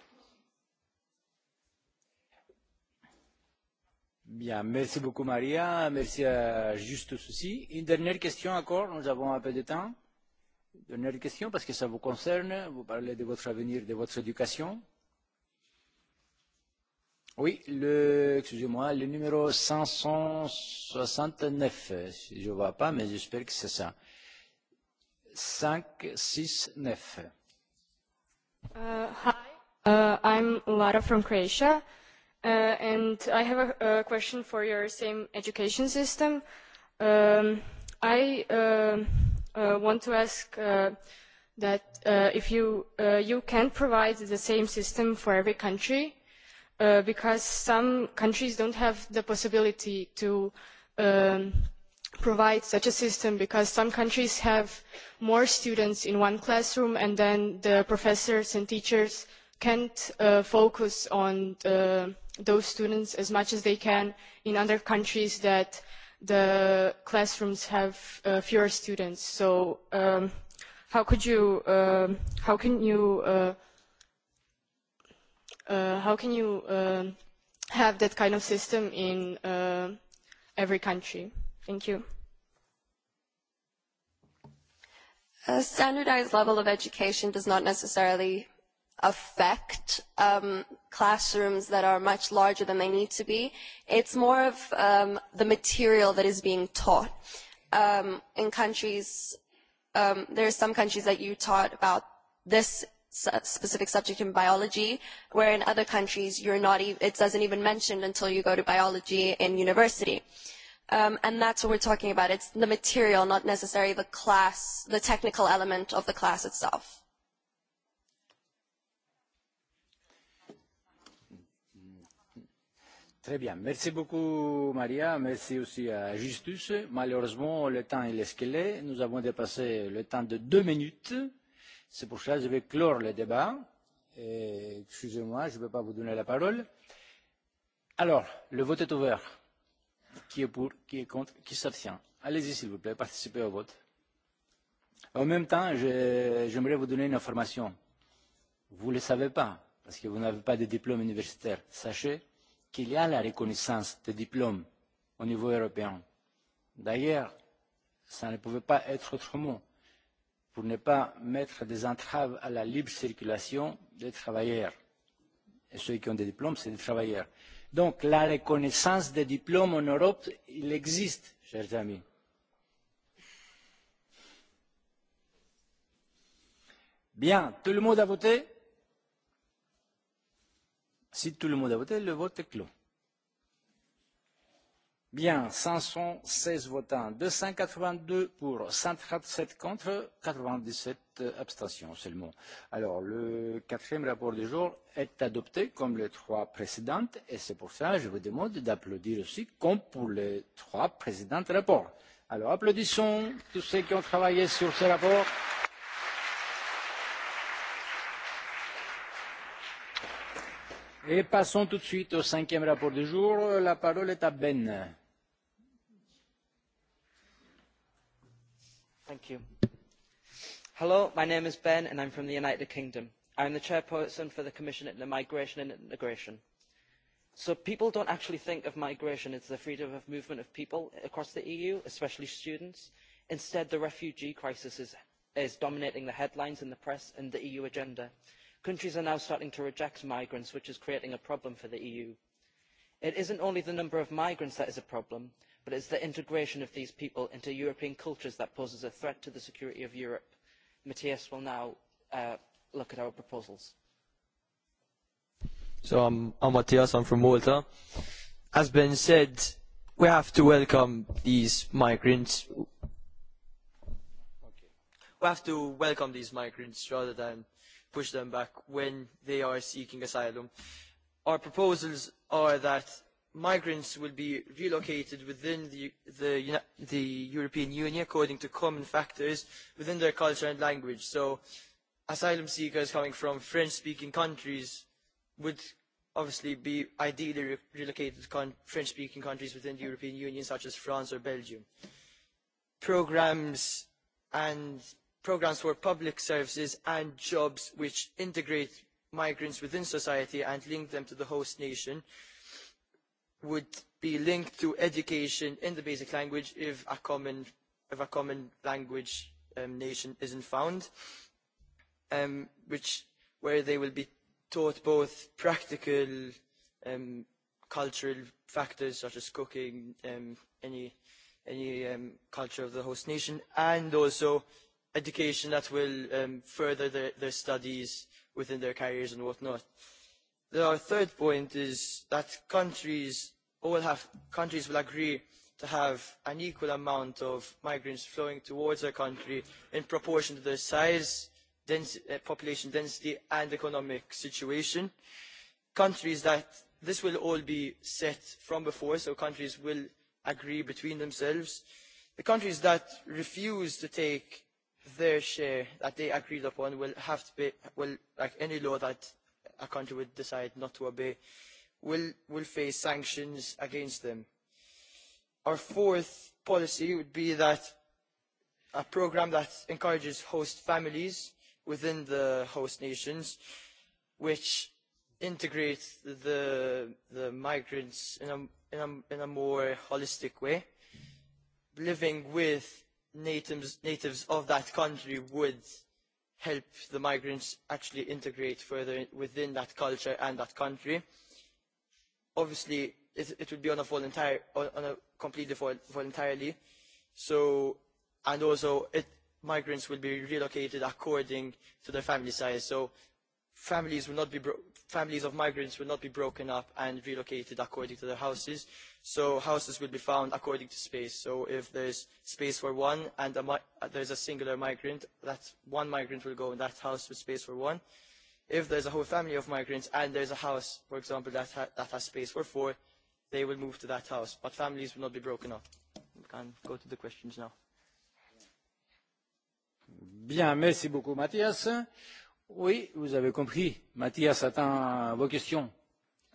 Bien, merci beaucoup Maria, merci à Juste Souci. Une dernière question encore, nous avons un peu de temps. Une dernière question parce que ça vous concerne, vous parlez de votre avenir, de votre éducation. Oui, le, excusez-moi, le numéro 569, si je ne vois pas, mais j'espère que c'est ça. 569. Uh, hi, uh, I'm Lara from Croatia. Uh, and I have a, a question for your same education system. Um, I uh, uh, want to ask uh, that uh, if you uh, you can provide the same system for every country, uh, because some countries don't have the possibility to um, provide such a system. Because some countries have more students in one classroom, and then the professors and teachers can't uh, focus on. The, uh, those students as much as they can in other countries that the classrooms have uh, fewer students. So um, how could you, uh, how can you, uh, uh, how can you uh, have that kind of system in uh, every country? Thank you. A standardized level of education does not necessarily affect um, classrooms that are much larger than they need to be. It's more of um, the material that is being taught. Um, in countries, um, there are some countries that you taught about this specific subject in biology, where in other countries you're not e- it doesn't even mentioned until you go to biology in university. Um, and that's what we're talking about. It's the material, not necessarily the class, the technical element of the class itself. Très bien. Merci beaucoup, Maria. Merci aussi à Justus. Malheureusement, le temps il est ce qu'il est. Nous avons dépassé le temps de deux minutes. C'est pour ça que je vais clore le débat. Excusez-moi, je ne peux pas vous donner la parole. Alors, le vote est ouvert. Qui est pour, qui est contre, qui s'abstient Allez-y, s'il vous plaît, participez au vote. En même temps, j'aimerais vous donner une information. Vous ne le savez pas, parce que vous n'avez pas de diplôme universitaire. Sachez qu'il y a la reconnaissance des diplômes au niveau européen. D'ailleurs, ça ne pouvait pas être autrement pour ne pas mettre des entraves à la libre circulation des travailleurs. Et ceux qui ont des diplômes, c'est des travailleurs. Donc la reconnaissance des diplômes en Europe, il existe, chers amis. Bien, tout le monde a voté Si tout le monde a voté, le vote est clos. Bien, 516 votants, 282 pour, 137 contre, 97 abstentions seulement. Alors, le quatrième rapport du jour est adopté comme les trois précédentes et c'est pour ça que je vous demande d'applaudir aussi comme pour les trois précédents rapports. Alors, applaudissons tous ceux qui ont travaillé sur ce rapport. Applaudissements Et passons tout de suite au cinquième rapport du jour. La parole est à Ben. Thank you. Hello, my name is Ben and I'm from the United Kingdom. I'm the chairperson for the Commission on Migration and Integration. So people don't actually think of migration as the freedom of movement of people across the EU, especially students. Instead, the refugee crisis is, is dominating the headlines in the press and the EU agenda countries are now starting to reject migrants which is creating a problem for the eu. it is not only the number of migrants that is a problem but it is the integration of these people into european cultures that poses a threat to the security of europe. matthias will now uh, look at our proposals. So I'm, I'm Matthias, I'm from Malta. As Ben said, we have to welcome these migrants. Okay. We have to welcome these migrants rather than push them back when they are seeking asylum. Our proposals are that migrants will be relocated within the, the, the European Union according to common factors within their culture and language. So asylum seekers coming from French-speaking countries would obviously be ideally re relocated to con French-speaking countries within the European Union, such as France or Belgium. Programs and programmes for public services and jobs which integrate migrants within society and link them to the host nation would be linked to education in the basic language if a common, if a common language um, nation isn't found, um, which, where they will be taught both practical um, cultural factors such as cooking, um, any, any um, culture of the host nation, and also education that will um, further their, their studies within their careers and whatnot. The, our third point is that countries all have countries will agree to have an equal amount of migrants flowing towards their country in proportion to their size, dens uh, population density and economic situation. Countries that this will all be set from before, so countries will agree between themselves. The countries that refuse to take their share that they agreed upon will have to be will like any law that a country would decide not to obey will will face sanctions against them. Our fourth policy would be that a programme that encourages host families within the host nations, which integrates the the migrants in a in a in a more holistic way, living with natives, natives of that country would help the migrants actually integrate further within that culture and that country. Obviously, it, it would be on a voluntary, on, on a completely vol voluntarily. So, and also, it, migrants will be relocated according to their family size. So, families will not be bro families of migrants will not be broken up and relocated according to their houses. So houses will be found according to space. So if there's space for one and a mi- uh, there's a singular migrant, that one migrant will go in that house with space for one. If there's a whole family of migrants and there's a house, for example, that, ha- that has space for four, they will move to that house. But families will not be broken up. We can go to the questions now. Bien, merci beaucoup, Mathias. Oui, vous avez compris. Mathias attend vos questions.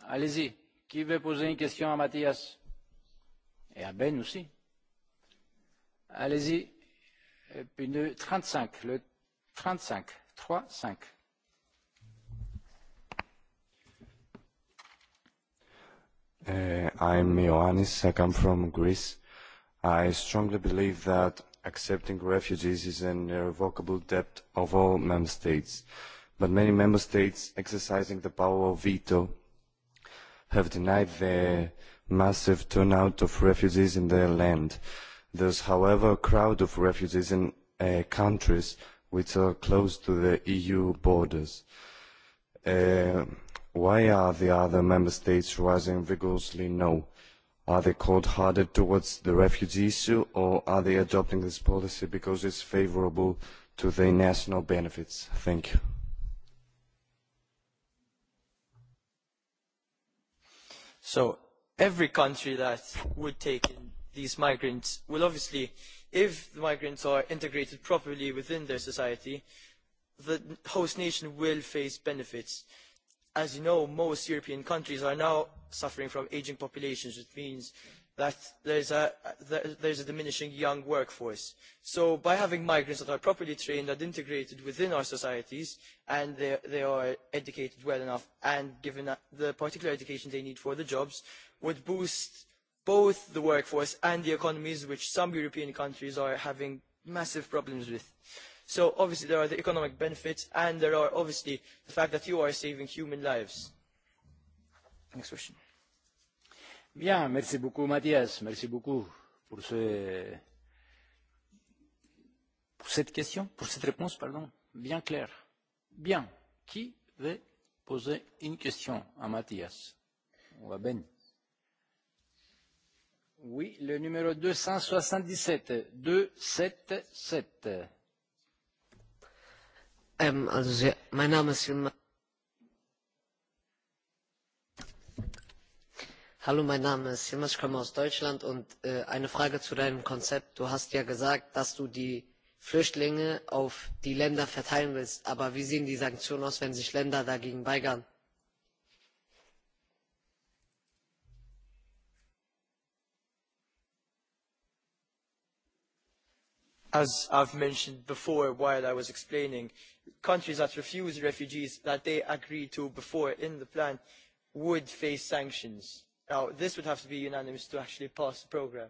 Allez-y. Qui veut poser une question à Mathias Et à Ben aussi. Allez-y. Puis le 35, le 35, 3, 5. Uh, I'm Ioannis. I come from Greece. I strongly believe that accepting refugees is an irrevocable debt of all member states. But many member states exercising the power of veto have denied the massive turnout of refugees in their land. There's, however, a crowd of refugees in uh, countries which are close to the EU borders. Uh, why are the other member states rising vigorously no? Uh, Are they cold-hearted towards the refugee issue, or are they adopting this policy because it's favorable to their national benefits? Thank you. So every country that would take in these migrants will obviously, if the migrants are integrated properly within their society, the host nation will face benefits. Uh, as you know, most European countries are now suffering from aging populations, which means that there's a, there's a diminishing young workforce. So by having migrants that are properly trained and integrated within our societies, and they, they are educated well enough and given the particular education they need for the jobs, would boost both the workforce and the economies, which some European countries are having massive problems with. Uh, So obviously there are the economic benefits and there are obviously the fact that you are saving human lives. Next question. Bien, merci beaucoup Mathias, merci beaucoup pour, ce, pour cette question, pour cette réponse, pardon, bien claire. Bien, qui veut poser une question à Mathias ou à Ben Oui, le numéro 277, 277. Ähm, also sehr, mein Name ist Jun. Hallo, mein Name ist Hilmas, ich komme aus Deutschland und äh, eine Frage zu deinem Konzept. Du hast ja gesagt, dass du die Flüchtlinge auf die Länder verteilen willst, aber wie sehen die Sanktionen aus, wenn sich Länder dagegen weigern? As I've mentioned before while I was explaining, countries that refuse refugees that they agreed to before in the plan would face sanctions. Now, this would have to be unanimous to actually pass the programme.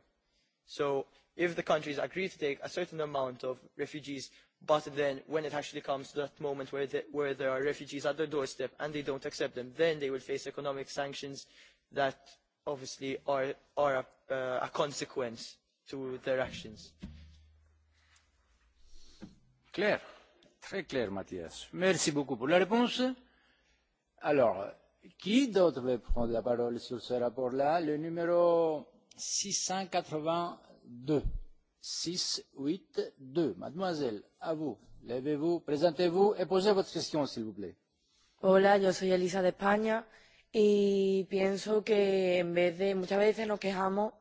So if the countries agree to take a certain amount of refugees, but then when it actually comes to that moment where, they, where there are refugees at their doorstep and they don't accept them, then they will face economic sanctions that obviously are, are a, uh, a consequence to their actions. Claire. Très clair, Mathias. Merci beaucoup pour la réponse. Alors, qui d'autre veut prendre la parole sur ce rapport-là Le numéro 682. 682. Mademoiselle, à vous. Levez-vous, présentez-vous et posez votre question, s'il vous plaît. Hola, yo soy Elisa de España y pienso que en vez de muchas veces nos quejamos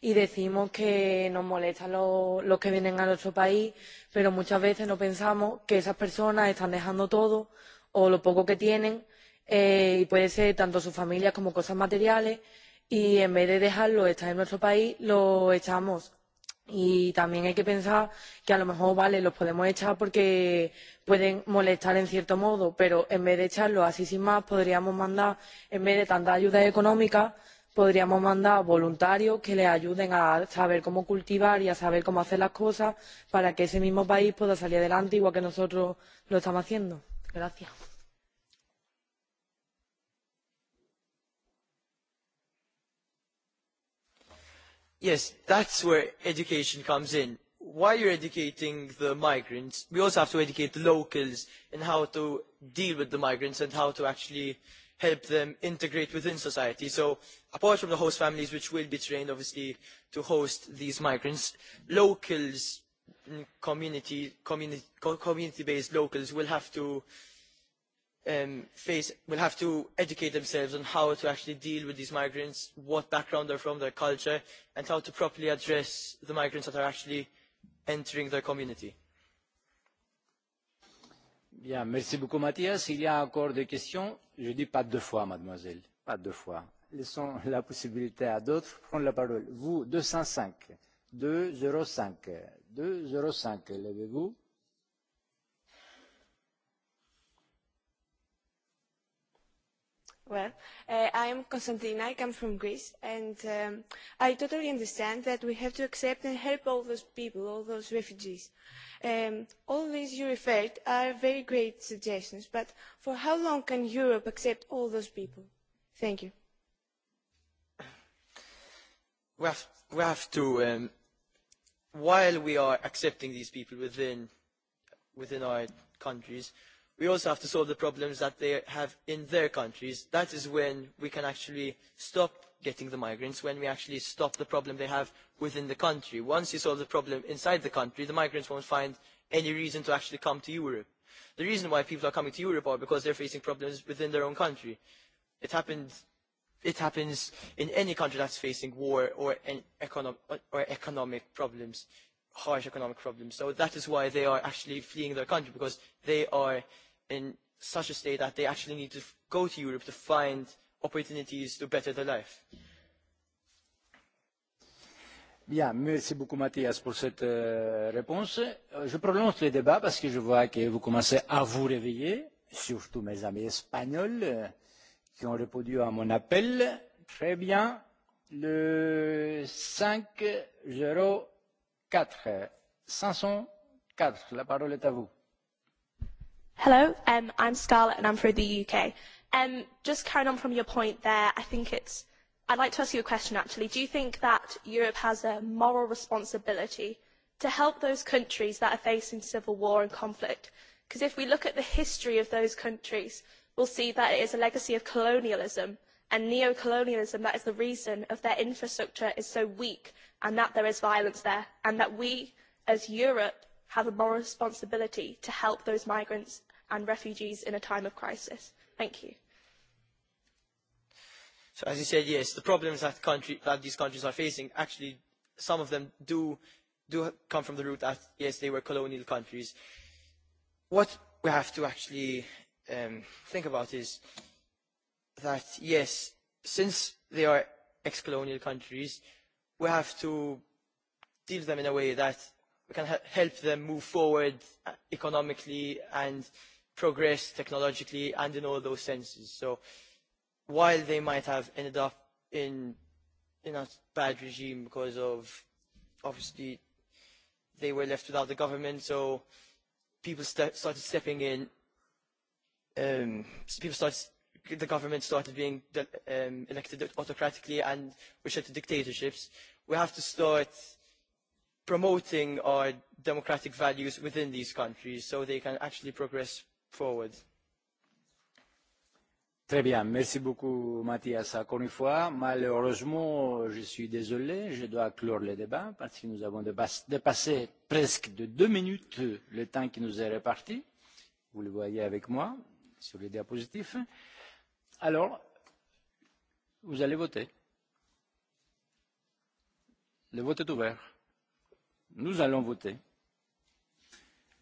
y decimos que nos molestan lo, los que vienen a nuestro país, pero muchas veces no pensamos que esas personas están dejando todo o lo poco que tienen eh, y puede ser tanto sus familias como cosas materiales y en vez de dejarlo estar en nuestro país lo echamos y también hay que pensar que a lo mejor vale los podemos echar porque pueden molestar en cierto modo pero en vez de echarlos así sin más podríamos mandar en vez de tantas ayudas económicas podríamos mandar voluntarios que les ayuden a saber cómo cultivar y a saber cómo hacer las cosas para que ese mismo país pueda salir adelante igual que nosotros lo estamos haciendo. Gracias. Yes, that's where education comes in. While you're educating the migrants, we also have to educate the locals in how to deal with the migrants and how to actually uh, help them integrate within society. So apart from the host families, which will be trained obviously to host these migrants, locals, mm, community, community, community-based locals will have to um, face, will have to educate themselves on how to actually deal with these migrants, what background they're from, their culture, and how to properly address the migrants that are actually entering their community. Bien, merci beaucoup Mathias. Il y a encore des questions Je dis pas deux fois, mademoiselle, pas deux fois. Laissons la possibilité à d'autres de prendre la parole. Vous, 205, 205, 205, levez-vous. Well, uh, I'm Konstantina, I come from Greece, and um, I totally understand that we have to accept and help all those people, all those refugees. Um, all these you referred are very great suggestions, but for how long can Europe accept all those people? Thank you. We have, we have to, um, while we are accepting these people within, within our countries, uh, we also have to solve the problems that they have in their countries. That is when we can actually stop getting the migrants, when we actually stop the problem they have within the country. Once you solve the problem inside the country, the migrants won't find any reason to actually come to Europe. The reason why people are coming to Europe are because they're facing problems within their own country. It happened it happens in any country that's facing war or, an econo or economic problems, harsh economic problems. So that is why they are actually fleeing their country, because they are in such a state that they actually need to go to Europe to find opportunities to better their life. Bien, merci beaucoup Mathias pour cette euh, réponse. Euh, je prolonge le débat parce que je vois que vous commencez à vous réveiller, surtout mes amis espagnols euh, qui ont répondu à mon appel. Très bien. Le 504, 504, la parole est à vous. Hello, um, I'm Scarlett and I'm from the UK. Um, just carrying on from your point there, I think it's, I'd like to ask you a question actually. Do you think that Europe has a moral responsibility to help those countries that are facing civil war and conflict? Because if we look at the history of those countries, we'll see that it is a legacy of colonialism and neocolonialism that is the reason of their infrastructure is so weak and that there is violence there and that we as Europe have a moral responsibility to help those migrants and refugees in a time of crisis? Thank you. So as you said, yes, the problems that, country, that these countries are facing, actually, some of them do, do come from the root that, yes, they were colonial countries. What we have to actually um, think about is that, yes, since they are ex-colonial countries, we have to deal with them in a way that we can help them move forward uh, economically and progressed technologically and in all those senses. So while they might have ended up in in a bad regime because of obviously they were left without the government, so people st- started stepping in. Um, people started, the government started being de- um, elected autocratically, and which led to dictatorships. We have to start promoting our democratic values within these countries so they can actually progress forward. Très bien. Merci beaucoup, Mathias. Encore une fois, malheureusement, je suis désolé, je dois clore le débat parce que nous avons dépassé presque de deux minutes le temps qui nous est réparti. Vous le voyez avec moi sur les diapositifs. Alors, vous allez voter. Le vote est ouvert. Nous allons voter.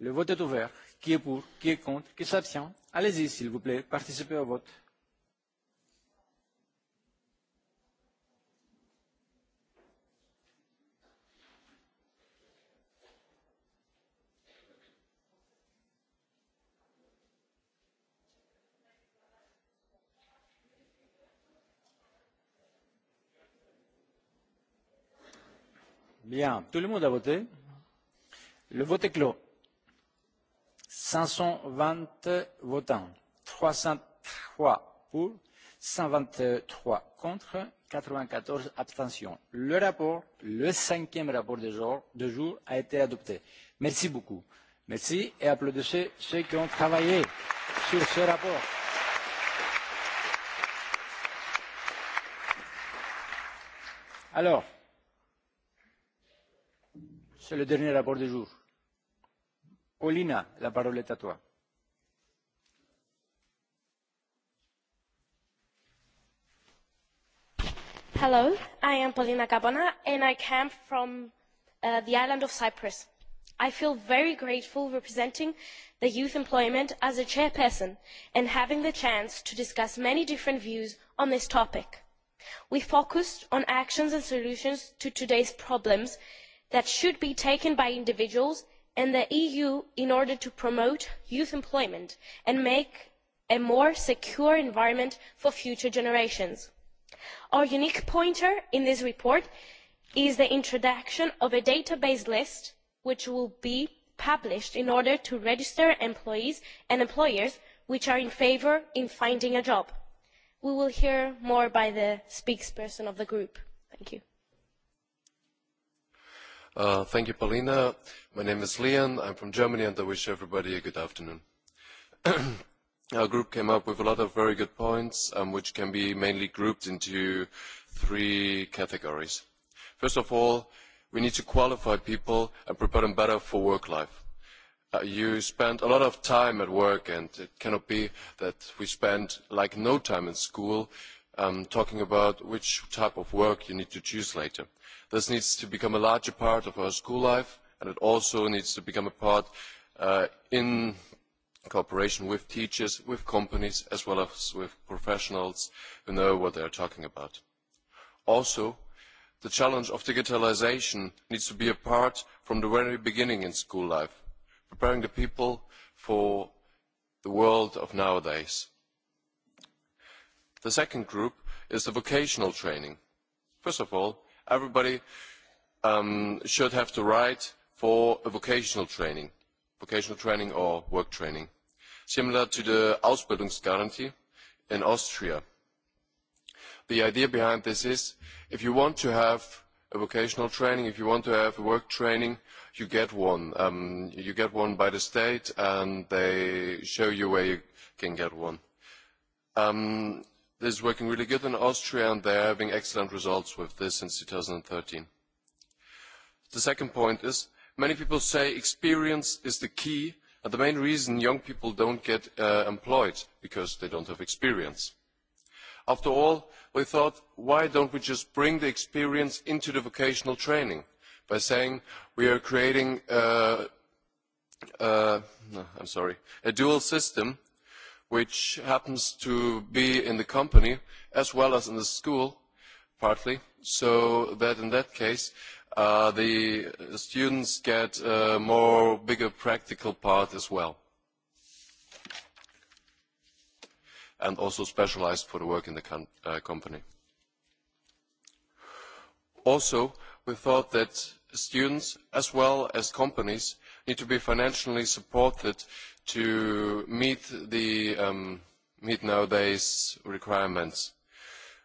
Le vote est ouvert. Qui est pour Qui est contre Qui s'abstient Allez-y, s'il vous plaît, participez au vote. Bien, tout le monde a voté. Le vote est clos. 520 votants, 303 pour, 123 contre, 94 abstentions. Le rapport, le cinquième rapport de jour, de jour a été adopté. Merci beaucoup. Merci et applaudissez ceux qui ont travaillé sur ce rapport. Alors, c'est le dernier rapport du jour. Olina, la parole est à toi. Hello, I am Polina Cabona and I come from uh, the island of Cyprus. I feel very grateful representing the youth employment as a chairperson and having the chance to discuss many different views on this topic. We focused on actions and solutions to today's problems that should be taken by individuals and the eu in order to promote youth employment and make a more secure environment for future generations. our unique pointer in this report is the introduction of a database list which will be published in order to register employees and employers which are in favour in finding a job. we will hear more by the spokesperson of the group. thank you. Uh, thank you, Paulina. My name is Leon. I'm from Germany, and I wish everybody a good afternoon. Our group came up with a lot of very good points, um, which can be mainly grouped into three categories. First of all, we need to qualify people and prepare them better for work life. Uh, you spend a lot of time at work, and it cannot be that we spend like no time in school um, talking about which type of work you need to choose later. This needs to become a larger part of our school life, and it also needs to become a part uh, in cooperation with teachers, with companies, as well as with professionals who know what they are talking about. Also, the challenge of digitalization needs to be a part from the very beginning in school life, preparing the people for the world of nowadays. The second group is the vocational training. First of all, everybody um, should have the right for a vocational training, vocational training or work training, similar to the Ausbildungsgarantie in Austria. The idea behind this is if you want to have a vocational training, if you want to have a work training, you get one. Um, you get one by the state and they show you where you can get one. Um, this is working really good in Austria and they're having excellent results with this since 2013. The second point is Many people say experience is the key, and the main reason young people don't get uh, employed, because they don't have experience. After all, we thought, why don't we just bring the experience into the vocational training by saying we are creating uh, uh, no, I'm sorry, a dual system which happens to be in the company as well as in the school, partly, so that in that case uh, the students get a uh, more bigger practical part as well. And also specialized for the work in the com uh, company. Also, we thought that students as well as companies need to be financially supported to meet the um, meet nowadays requirements.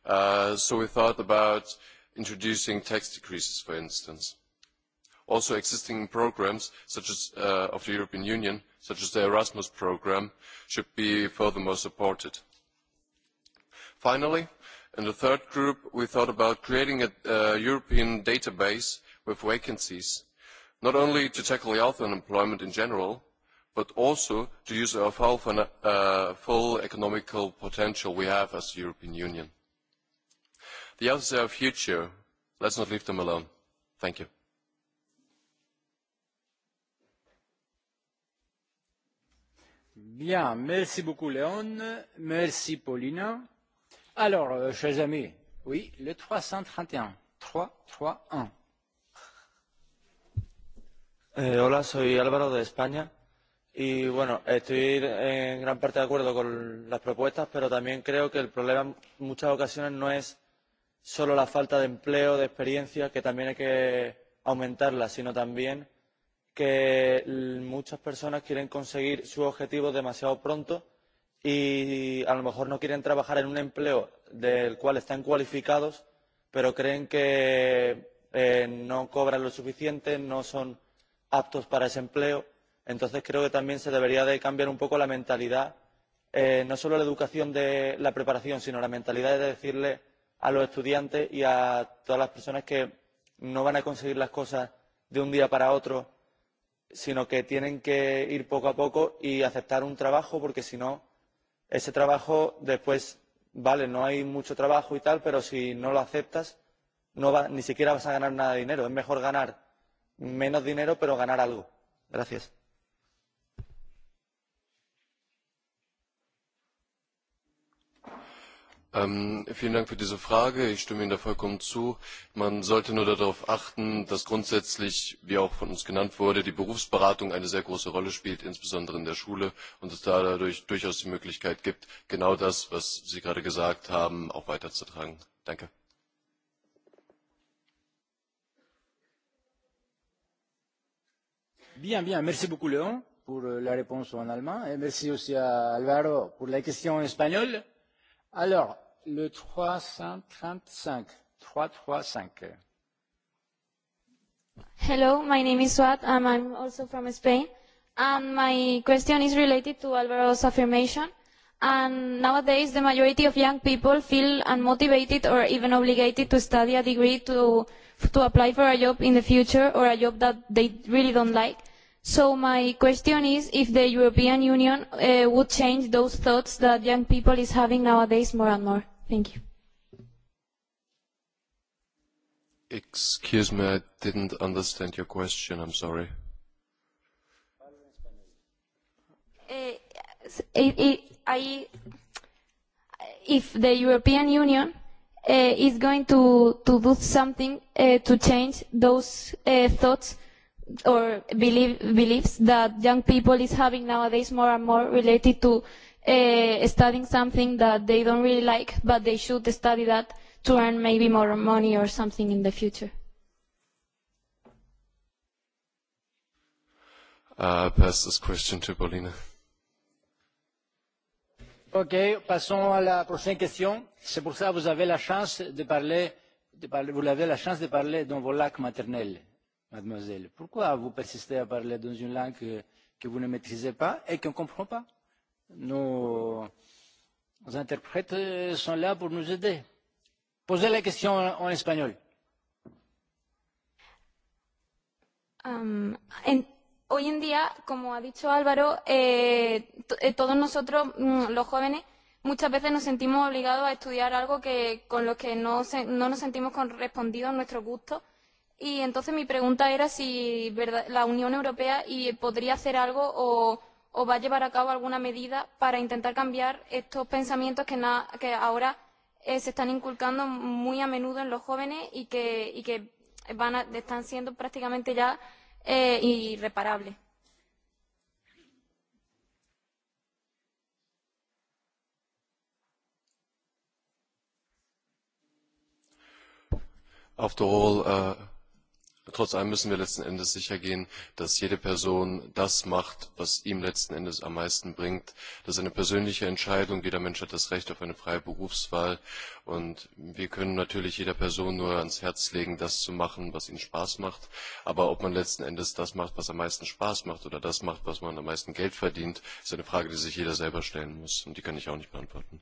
Uh, so we thought about uh, introducing tax decreases, for instance. Also, existing programs such as, uh, of the European Union, such as the Erasmus program, should be furthermore supported. Finally, in the third group, we thought about creating a uh, European database with vacancies, not only to tackle health unemployment in general, but also to use our full, uh, full economical potential we have as the European Union. The others are our future. Let's not leave them alone. Thank you. Bien, merci beaucoup Léon, merci Paulina. Alors, euh, chers amis, oui, le 331, 331. Eh, hola, soy Álvaro de España y bueno, estoy en gran parte de acuerdo con las propuestas, pero también creo que el problema en muchas ocasiones no es solo la falta de empleo, de experiencia, que también hay que aumentarla, sino también que muchas personas quieren conseguir sus objetivos demasiado pronto y a lo mejor no quieren trabajar en un empleo del cual están cualificados, pero creen que eh, no cobran lo suficiente, no son aptos para ese empleo. Entonces creo que también se debería de cambiar un poco la mentalidad, eh, no solo la educación de la preparación, sino la mentalidad de decirle a los estudiantes y a todas las personas que no van a conseguir las cosas de un día para otro, sino que tienen que ir poco a poco y aceptar un trabajo, porque si no, ese trabajo después, vale, no hay mucho trabajo y tal, pero si no lo aceptas, no va, ni siquiera vas a ganar nada de dinero. Es mejor ganar menos dinero, pero ganar algo. Gracias. Ähm, vielen Dank für diese Frage. Ich stimme Ihnen da vollkommen zu. Man sollte nur darauf achten, dass grundsätzlich, wie auch von uns genannt wurde, die Berufsberatung eine sehr große Rolle spielt, insbesondere in der Schule, und es da dadurch durchaus die Möglichkeit gibt, genau das, was Sie gerade gesagt haben, auch weiterzutragen. Danke. Bien, bien. Merci beaucoup, Léon, pour euh, la réponse en allemand. Et merci aussi à Alvaro pour la question en espagnol. Alors, le 335. 335. Hello, my name is Suat, and I'm also from Spain. And my question is related to Alvaro's affirmation. And nowadays, the majority of young people feel unmotivated or even obligated to study a degree to, to apply for a job in the future or a job that they really don't like So my question is if the European Union uh, would change those thoughts that young people is having nowadays more and more. Thank you. Excuse me, I didn't understand your question. I'm sorry. Eh, eh, I, if the European Union uh, is going to, to do something uh, to change those uh, thoughts or believe, beliefs that young people is having nowadays more and more related to uh, studying something that they don't really like, but they should study that to earn maybe more money or something in the future. Uh, pass this question to Paulina. OK, passons à la prochaine question. C'est pour ça que vous avez la chance de parler, de parler vous avez la chance de parler dans vos lacs maternels mademoiselle. Pourquoi vous persistez à parler dans une langue que, que vous ne maîtrisez pas et qu'on ne comprend pas Nos interprètes sont là pour nous aider. Posez la question en, en espagnol. Um, en, hoy en día, como ha dicho Álvaro, eh, eh, todos nosotros, mm, los jóvenes, muchas veces nos sentimos obligados a estudiar algo que, con lo que no, se, no nos sentimos correspondidos a nuestro gusto Y entonces mi pregunta era si verdad, la Unión Europea y podría hacer algo o, o va a llevar a cabo alguna medida para intentar cambiar estos pensamientos que, na, que ahora eh, se están inculcando muy a menudo en los jóvenes y que, y que van a, están siendo prácticamente ya eh, irreparables. After all, uh, Trotz allem müssen wir letzten Endes sicher gehen, dass jede Person das macht, was ihm letzten Endes am meisten bringt. Das ist eine persönliche Entscheidung. Jeder Mensch hat das Recht auf eine freie Berufswahl. Und wir können natürlich jeder Person nur ans Herz legen, das zu machen, was ihnen Spaß macht. Aber ob man letzten Endes das macht, was am meisten Spaß macht oder das macht, was man am meisten Geld verdient, ist eine Frage, die sich jeder selber stellen muss. Und die kann ich auch nicht beantworten.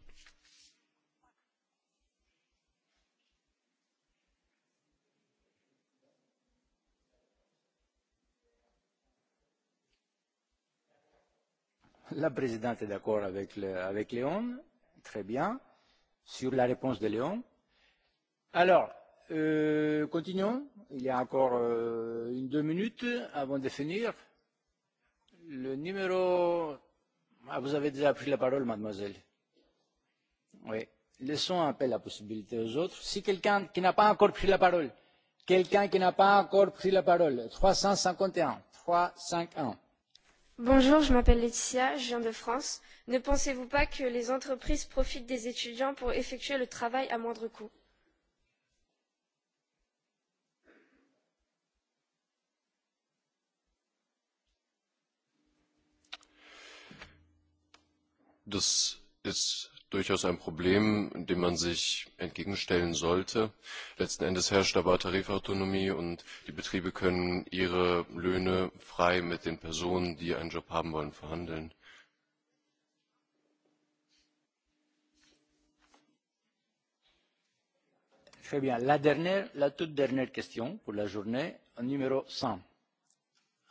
La présidente est d'accord avec, le, avec Léon. Très bien. Sur la réponse de Léon. Alors, euh, continuons. Il y a encore euh, une deux minutes avant de finir. Le numéro... Ah, vous avez déjà pris la parole, mademoiselle. Oui. Laissons un peu la possibilité aux autres. Si quelqu'un qui n'a pas encore pris la parole, quelqu'un qui n'a pas encore pris la parole, 351, 351. Bonjour, je m'appelle Laetitia, je viens de France. Ne pensez-vous pas que les entreprises profitent des étudiants pour effectuer le travail à moindre coût Das ist durchaus ein Problem, dem man sich entgegenstellen sollte. Letzten Endes herrscht aber Tarifautonomie und die Betriebe können ihre Löhne frei mit den Personen, die einen Job haben wollen, verhandeln. Très bien. La dernière, la toute dernière question pour la journée, numéro 100.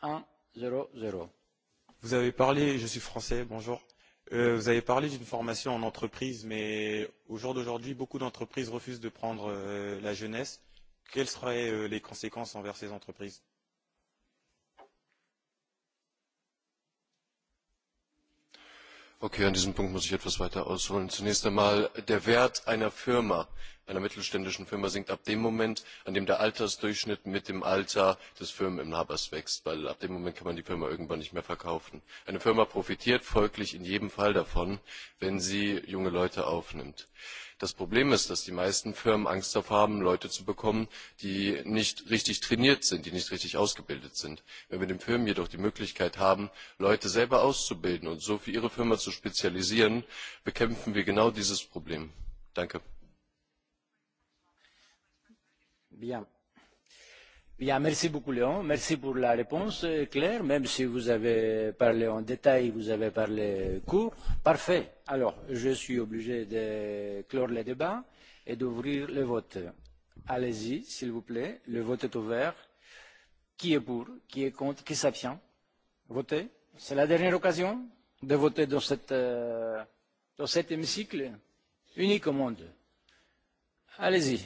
100. Vous avez parlé, je suis français, bonjour. Euh, Euh, vous avez parlé d'une formation en entreprise, mais au jour d'aujourd'hui, beaucoup d'entreprises refusent de prendre euh, la jeunesse. Quelles seraient euh, les conséquences envers ces entreprises Okay, an diesem Punkt muss ich etwas weiter ausholen. Zunächst einmal, der Wert einer Firma, einer mittelständischen Firma sinkt ab dem Moment, an dem der Altersdurchschnitt mit dem Alter des Firmeninhabers wächst, weil ab dem Moment kann man die Firma irgendwann nicht mehr verkaufen. Eine Firma profitiert folglich in jedem Fall davon, wenn sie junge Leute aufnimmt. Äh, Das Problem ist, dass die meisten Firmen Angst davor haben, Leute zu bekommen, die nicht richtig trainiert sind, die nicht richtig ausgebildet sind. Wenn wir den Firmen jedoch die Möglichkeit haben, Leute selber auszubilden und so für ihre Firma zu spezialisieren, bekämpfen wir genau dieses Problem. Danke. Bien. Bien, merci beaucoup Léon, merci pour la réponse euh, claire, même si vous avez parlé en détail, vous avez parlé court. Parfait. Alors, je suis obligé de clore le débat et d'ouvrir le vote. Allez-y, s'il vous plaît. Le vote est ouvert. Qui est pour Qui est contre Qui s'abstient Votez. C'est la dernière occasion de voter dans, cette, euh, dans cet hémicycle unique au monde. Allez-y.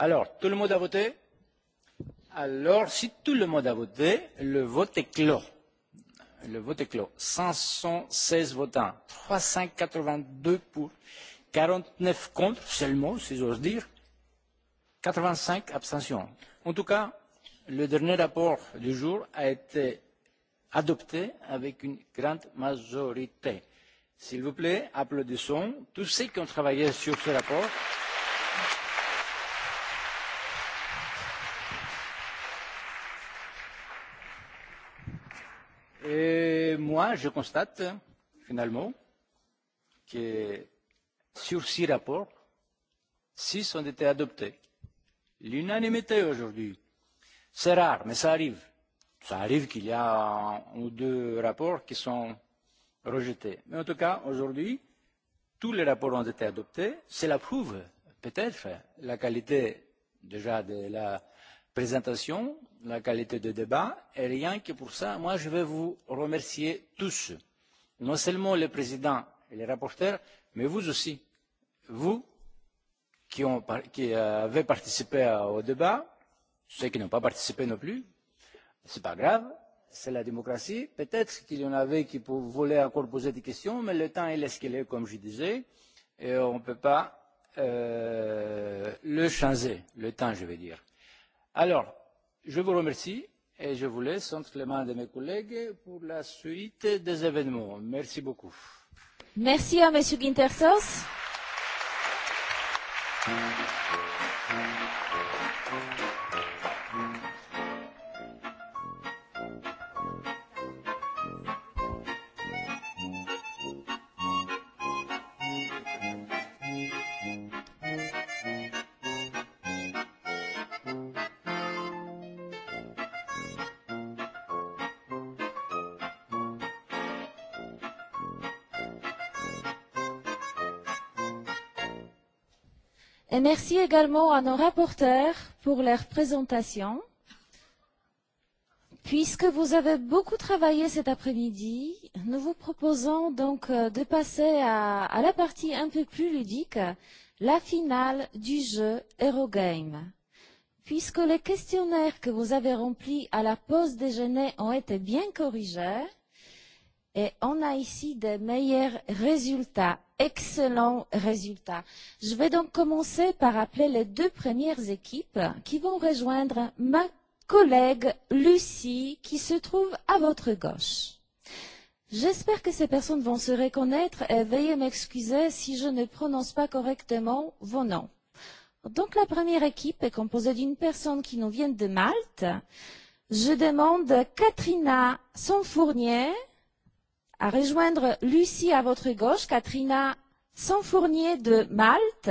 Alors, tout le monde a voté Alors, si tout le monde a voté, le vote est clos. Le vote est clos. 516 votants, 382 pour, 49 contre seulement, si j'ose dire, 85 abstentions. En tout cas, le dernier rapport du jour a été adopté avec une grande majorité. S'il vous plaît, applaudissons tous ceux qui ont travaillé sur ce rapport. Applaudissements Et moi, je constate finalement que sur six rapports, six ont été adoptés. L'unanimité aujourd'hui, c'est rare, mais ça arrive. Ça arrive qu'il y a un ou deux rapports qui sont rejetés. Mais en tout cas, aujourd'hui, tous les rapports ont été adoptés. Cela prouve peut-être la qualité déjà de la présentation, la qualité des débats. Et rien que pour ça, moi, je vais vous remercier tous. Non seulement le président et les rapporteurs, mais vous aussi. Vous qui, ont, qui euh, avez participé au débat, ceux qui n'ont pas participé non plus, c'est pas grave, c'est la démocratie. Peut-être qu'il y en avait qui voulaient encore poser des questions, mais le temps est ce qu'il est, comme je disais, et on ne peut pas euh, le changer, le temps, je veux dire. Alors, je vous remercie et je vous laisse entre les mains de mes collègues pour la suite des événements. Merci beaucoup. Merci à M. Guintersos. Applaudissements Et merci également à nos rapporteurs pour leur présentation. Puisque vous avez beaucoup travaillé cet après-midi, nous vous proposons donc euh, de passer à, à la partie un peu plus ludique, la finale du jeu Eurogame. Puisque les questionnaires que vous avez remplis à la pause déjeuner ont été bien corrigés, Et on a ici des meilleurs résultats, excellents résultats. Je vais donc commencer par appeler les deux premières équipes qui vont rejoindre ma collègue Lucie qui se trouve à votre gauche. J'espère que ces personnes vont se reconnaître et veuillez m'excuser si je ne prononce pas correctement vos noms. Donc la première équipe est composée d'une personne qui nous vient de Malte. Je demande Katrina Sanfournier à rejoindre Lucie à votre gauche, Katrina Sanfournier de Malte.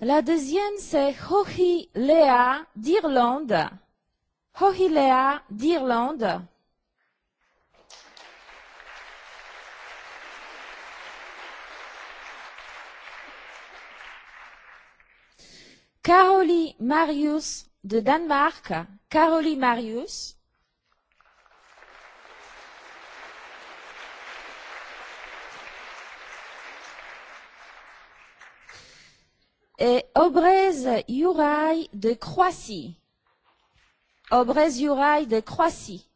La deuxième, c'est Hohi Lea d'Irlande. Hohi Lea d'Irlande. Carolie Marius de Danemark. Carolie Marius. Et Obrez Juraj de Croatie. Obrez Juraj de Croatie.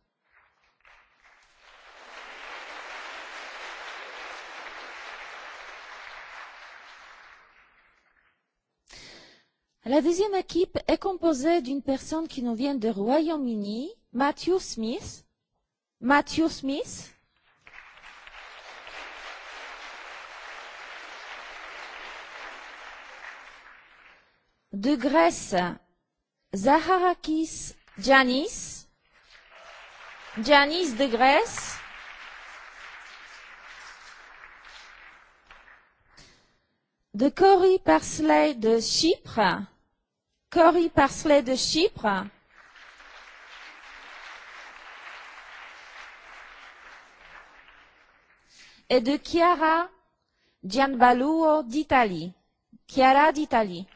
La deuxième équipe est composée d'une personne qui nous vient du Royaume-Uni, Matthew Smith. Matthew Smith. De Grèce, Zaharakis Janis. Janis de Grèce. De Cory Parsley de Chypre. Cory Parsley de Chypre. Et de Chiara Gianbaluo d'Italie. Chiara d'Italie.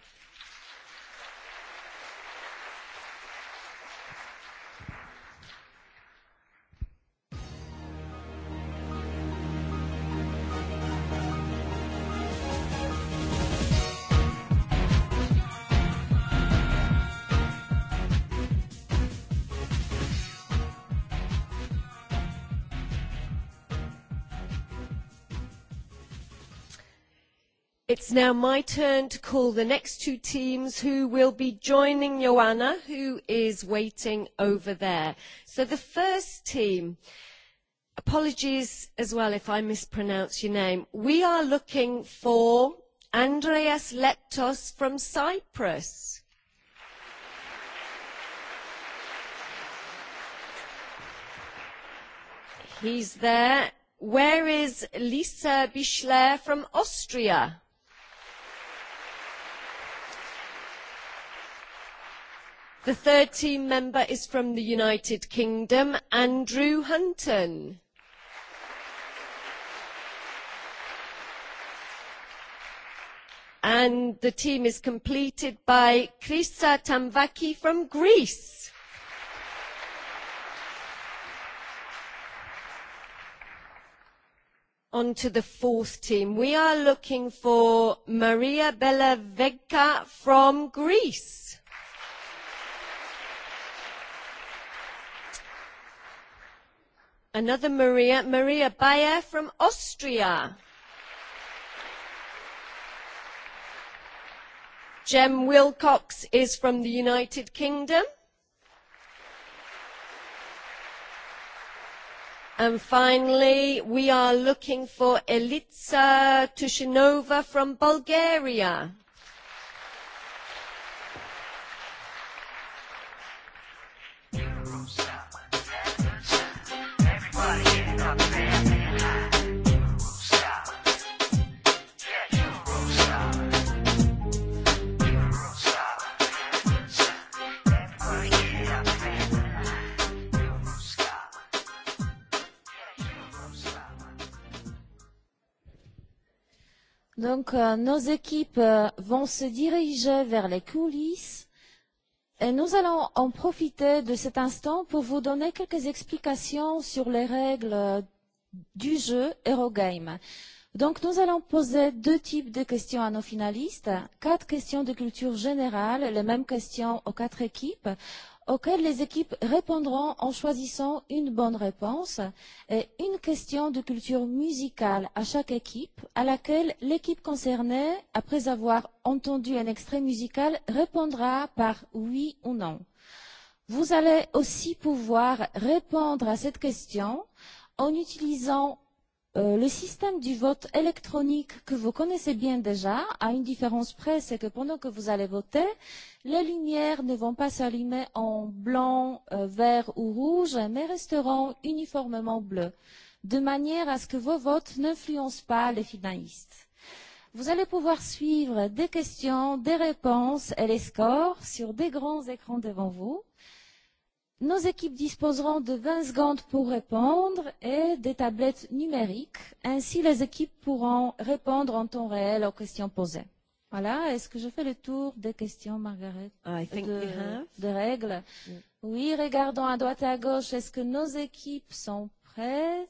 It's now my turn to call the next two teams who will be joining Joanna, who is waiting over there. So the first team, apologies as well if I mispronounce your name. We are looking for Andreas Leptos from Cyprus. He's there. Where is Lisa Bischler from Austria? The third team member is from the United Kingdom, Andrew Hunton. And the team is completed by Krista Tamvaki from Greece. On to the fourth team. We are looking for Maria Bella Vegka from Greece. Another Maria, Maria Bayer from Austria. Jem Wilcox is from the United Kingdom. And finally, we are looking for Elitsa Tushinova from Bulgaria. Donc, euh, nos équipes euh, vont se diriger vers les coulisses Et euh, nous allons en profiter de cet instant pour vous donner quelques explications sur les règles euh, du jeu Eurogame. Donc nous allons poser deux types de questions à nos finalistes, quatre questions de culture générale, les mêmes questions aux quatre équipes, auxquelles les équipes répondront en choisissant une bonne réponse et une question de culture musicale à chaque équipe, à laquelle l'équipe concernée, après avoir entendu un extrait musical, répondra par oui ou non. Vous allez aussi pouvoir répondre à cette question en utilisant Euh, le système du vote électronique que vous connaissez bien déjà a une différence près, c'est que pendant que vous allez voter, les lumières ne vont pas s'allumer en blanc, euh, vert ou rouge, mais resteront uniformément bleues, de manière à ce que vos votes n'influencent pas les finalistes. Vous allez pouvoir suivre des questions, des réponses et les scores sur des grands écrans devant vous. Nos équipes disposeront de 20 secondes pour répondre et des tablettes numériques. Ainsi, les équipes pourront répondre en temps réel aux questions posées. Voilà. Est-ce que je fais le tour des questions, Margaret I think de, we have. De règles. Mm. Oui, regardons à droite et à gauche. Est-ce que nos équipes sont prêtes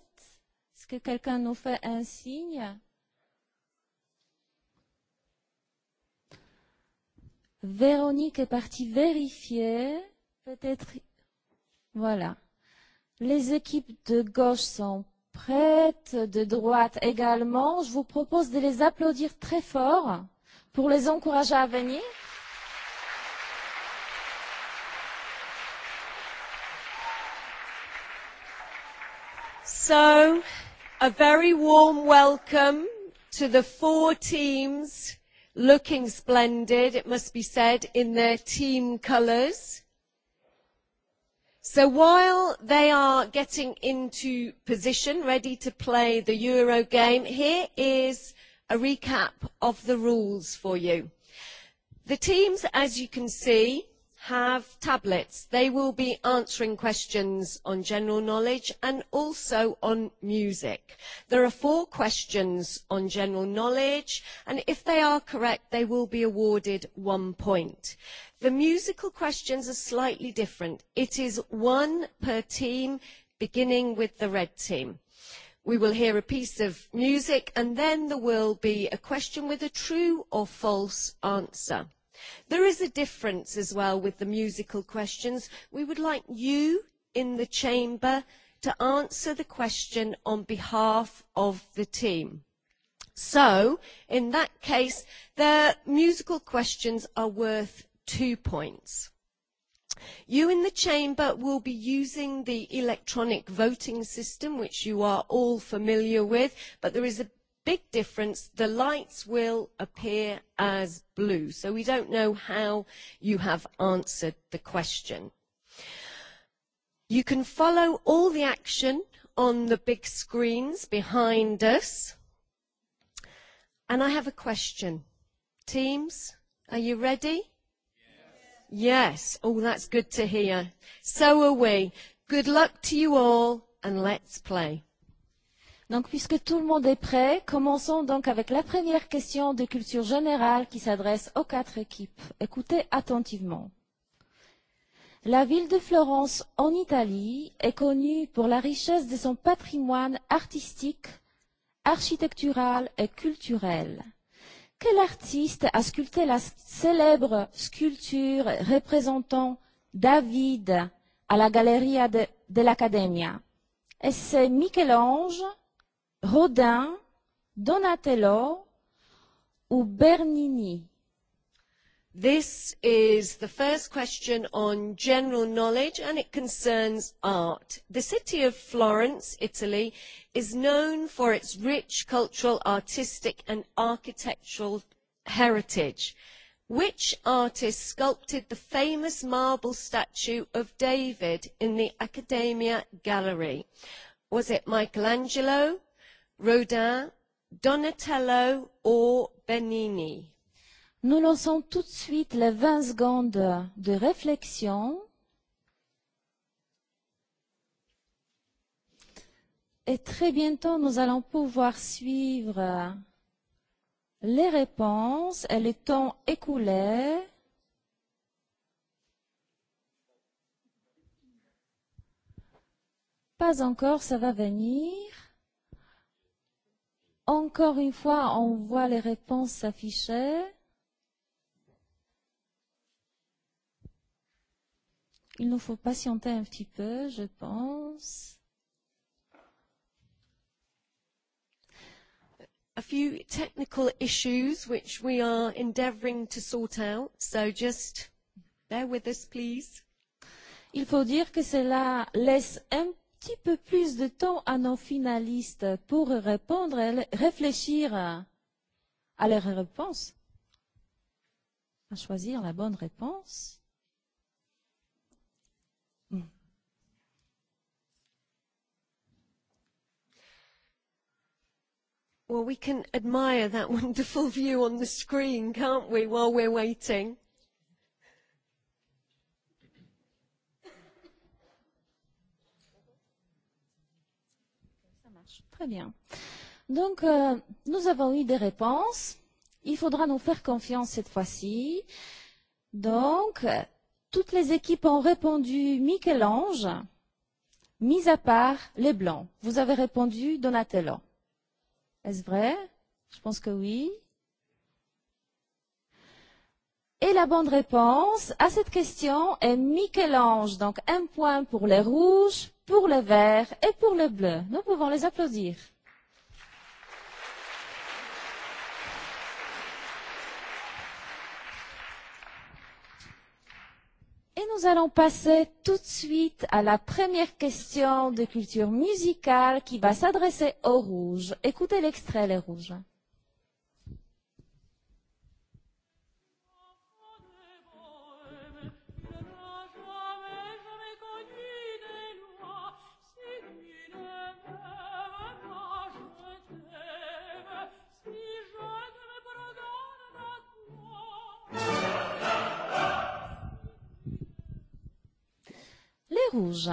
Est-ce que quelqu'un nous fait un signe Véronique est partie vérifier. Peut-être Voilà. Les équipes de gauche sont prêtes, de droite également. Je vous propose de les applaudir très fort pour les encourager à venir. So, a very warm welcome to the four teams looking splendid, it must be said, in their team colours So while they are getting into position, ready to play the Euro game, here is a recap of the rules for you. The teams, as you can see, have tablets. They will be answering questions on general knowledge and also on music. There are four questions on general knowledge, and if they are correct, they will be awarded one point. The musical questions are slightly different. It is one per team, beginning with the red team. We will hear a piece of music, and then there will be a question with a true or false answer. There is a difference as well with the musical questions. We would like you in the chamber to answer the question on behalf of the team. So, in that case, the musical questions are worth two points. You in the chamber will be using the electronic voting system, which you are all familiar with, but there is a big difference, the lights will appear as blue. So we don't know how you have answered the question. You can follow all the action on the big screens behind us. And I have a question. Teams, are you ready? Yes. yes. Oh, that's good to hear. So are we. Good luck to you all, and let's play. Donc, puisque tout le monde est prêt, commençons donc avec la première question de culture générale qui s'adresse aux quatre équipes. Écoutez attentivement. La ville de Florence, en Italie, est connue pour la richesse de son patrimoine artistique, architectural et culturel. Quel artiste a sculpté la célèbre sculpture représentant David à la Galleria de, de l'Accademia Est-ce Michel-Ange, Rodin, Donatello ou Bernini? This is the first question on general knowledge and it concerns art. The city of Florence, Italy, is known for its rich cultural, artistic and architectural heritage. Which artist sculpted the famous marble statue of David in the Accademia Gallery? Was it Michelangelo, Rodin, Donatello ou Benini. Nous lançons tout de suite les 20 secondes de réflexion. Et très bientôt, nous allons pouvoir suivre les réponses et le temps écoulé. Pas encore, ça va venir. Encore une fois, on voit les réponses s'afficher. Il nous faut patienter un petit peu, je pense. A few technical issues which we are endeavouring to sort out, so just bear with us, please. Il faut dire que cela laisse un petit peu plus de temps à nos finalistes pour répondre et réfléchir à leur réponse, à choisir la bonne réponse. Hmm. Well, we can admire that wonderful view on the screen, can't we, while we're waiting? Très bien. Donc, euh, nous avons eu des réponses. Il faudra nous faire confiance cette fois-ci. Donc, toutes les équipes ont répondu Michel-Ange, mis à part les Blancs. Vous avez répondu Donatello. Est-ce vrai Je pense que oui. Et la bonne réponse à cette question est Michel-Ange. Donc, un point pour les rouges, pour le vert et pour le bleu. Nous pouvons les applaudir. Et nous allons passer tout de suite à la première question de culture musicale qui va s'adresser aux rouges. Écoutez l'extrait, les rouges. rouge.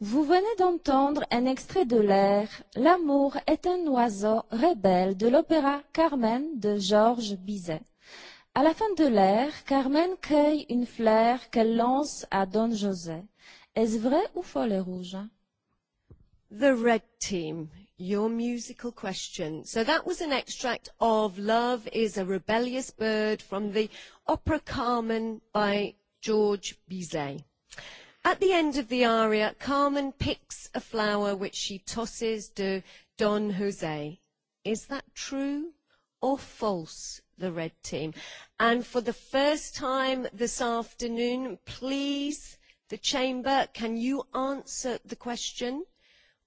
Vous venez d'entendre un extrait de l'air L'amour est un oiseau rebelle de l'opéra Carmen de Georges Bizet. À la fin de l'air, Carmen cueille une fleur qu'elle lance à Don José. Est-ce vrai ou faux les rouges? The Red Team, your musical question. So that was an extract of Love is a Rebellious Bird from the opera Carmen by George Bizet. At the end of the aria, Carmen picks a flower which she tosses to Don Jose. Is that true or false, the red team? And for the first time this afternoon, please, the chamber, can you answer the question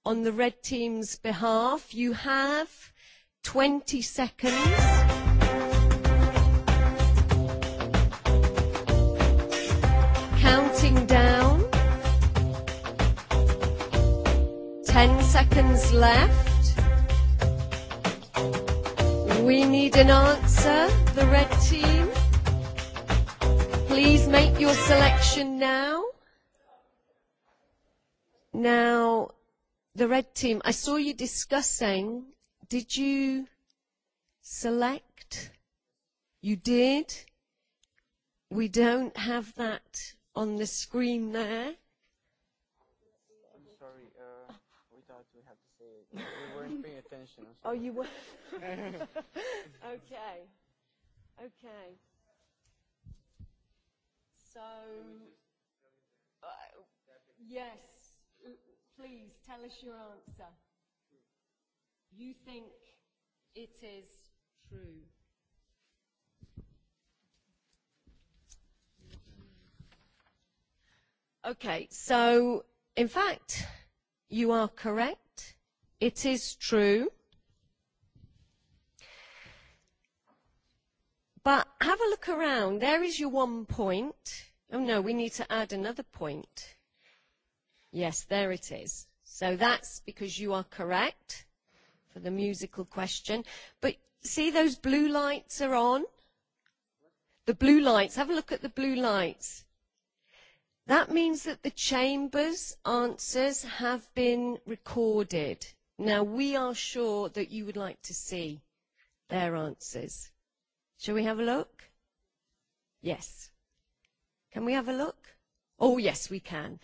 on the red team's behalf? You have 20 seconds. 10 seconds left. We need an answer, the red team. Please make your selection now. Now, the red team, I saw you discussing. Did you select? You did. We don't have that on the screen there. attention. I'm oh, sorry. Oh, you were. okay. Okay. So, uh, yes, uh, please tell us your answer. You think it is true. Okay, so in fact, you are correct It is true. But have a look around. There is your one point. Oh no, we need to add another point. Yes, there it is. So that's because you are correct for the musical question. But see those blue lights are on? The blue lights. Have a look at the blue lights. That means that the chamber's answers have been recorded. Now, we are sure that you would like to see their answers. Shall we have a look? Yes. Can we have a look? Oh, yes, we can.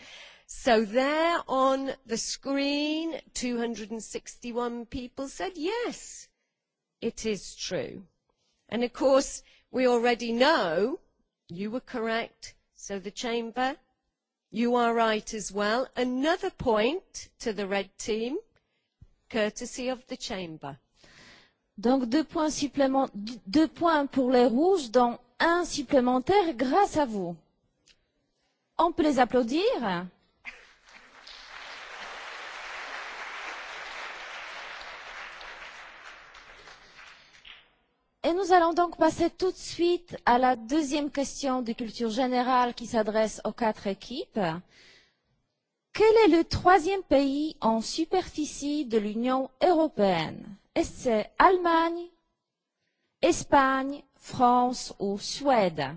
So there on the screen, 261 people said yes, it is true. And of course, we already know you were correct. So the chamber, you are right as well. Another point to the red team courtesy of the chamber. Donc deux points, supplément, deux points pour les rouges, dont un supplémentaire grâce à vous. On peut les applaudir Et nous allons donc passer tout de suite à la deuxième question de culture générale qui s'adresse aux quatre équipes. Euh, Quel est le troisième pays en superficie de l'Union européenne Est-ce c'est Allemagne, Espagne, France ou Suède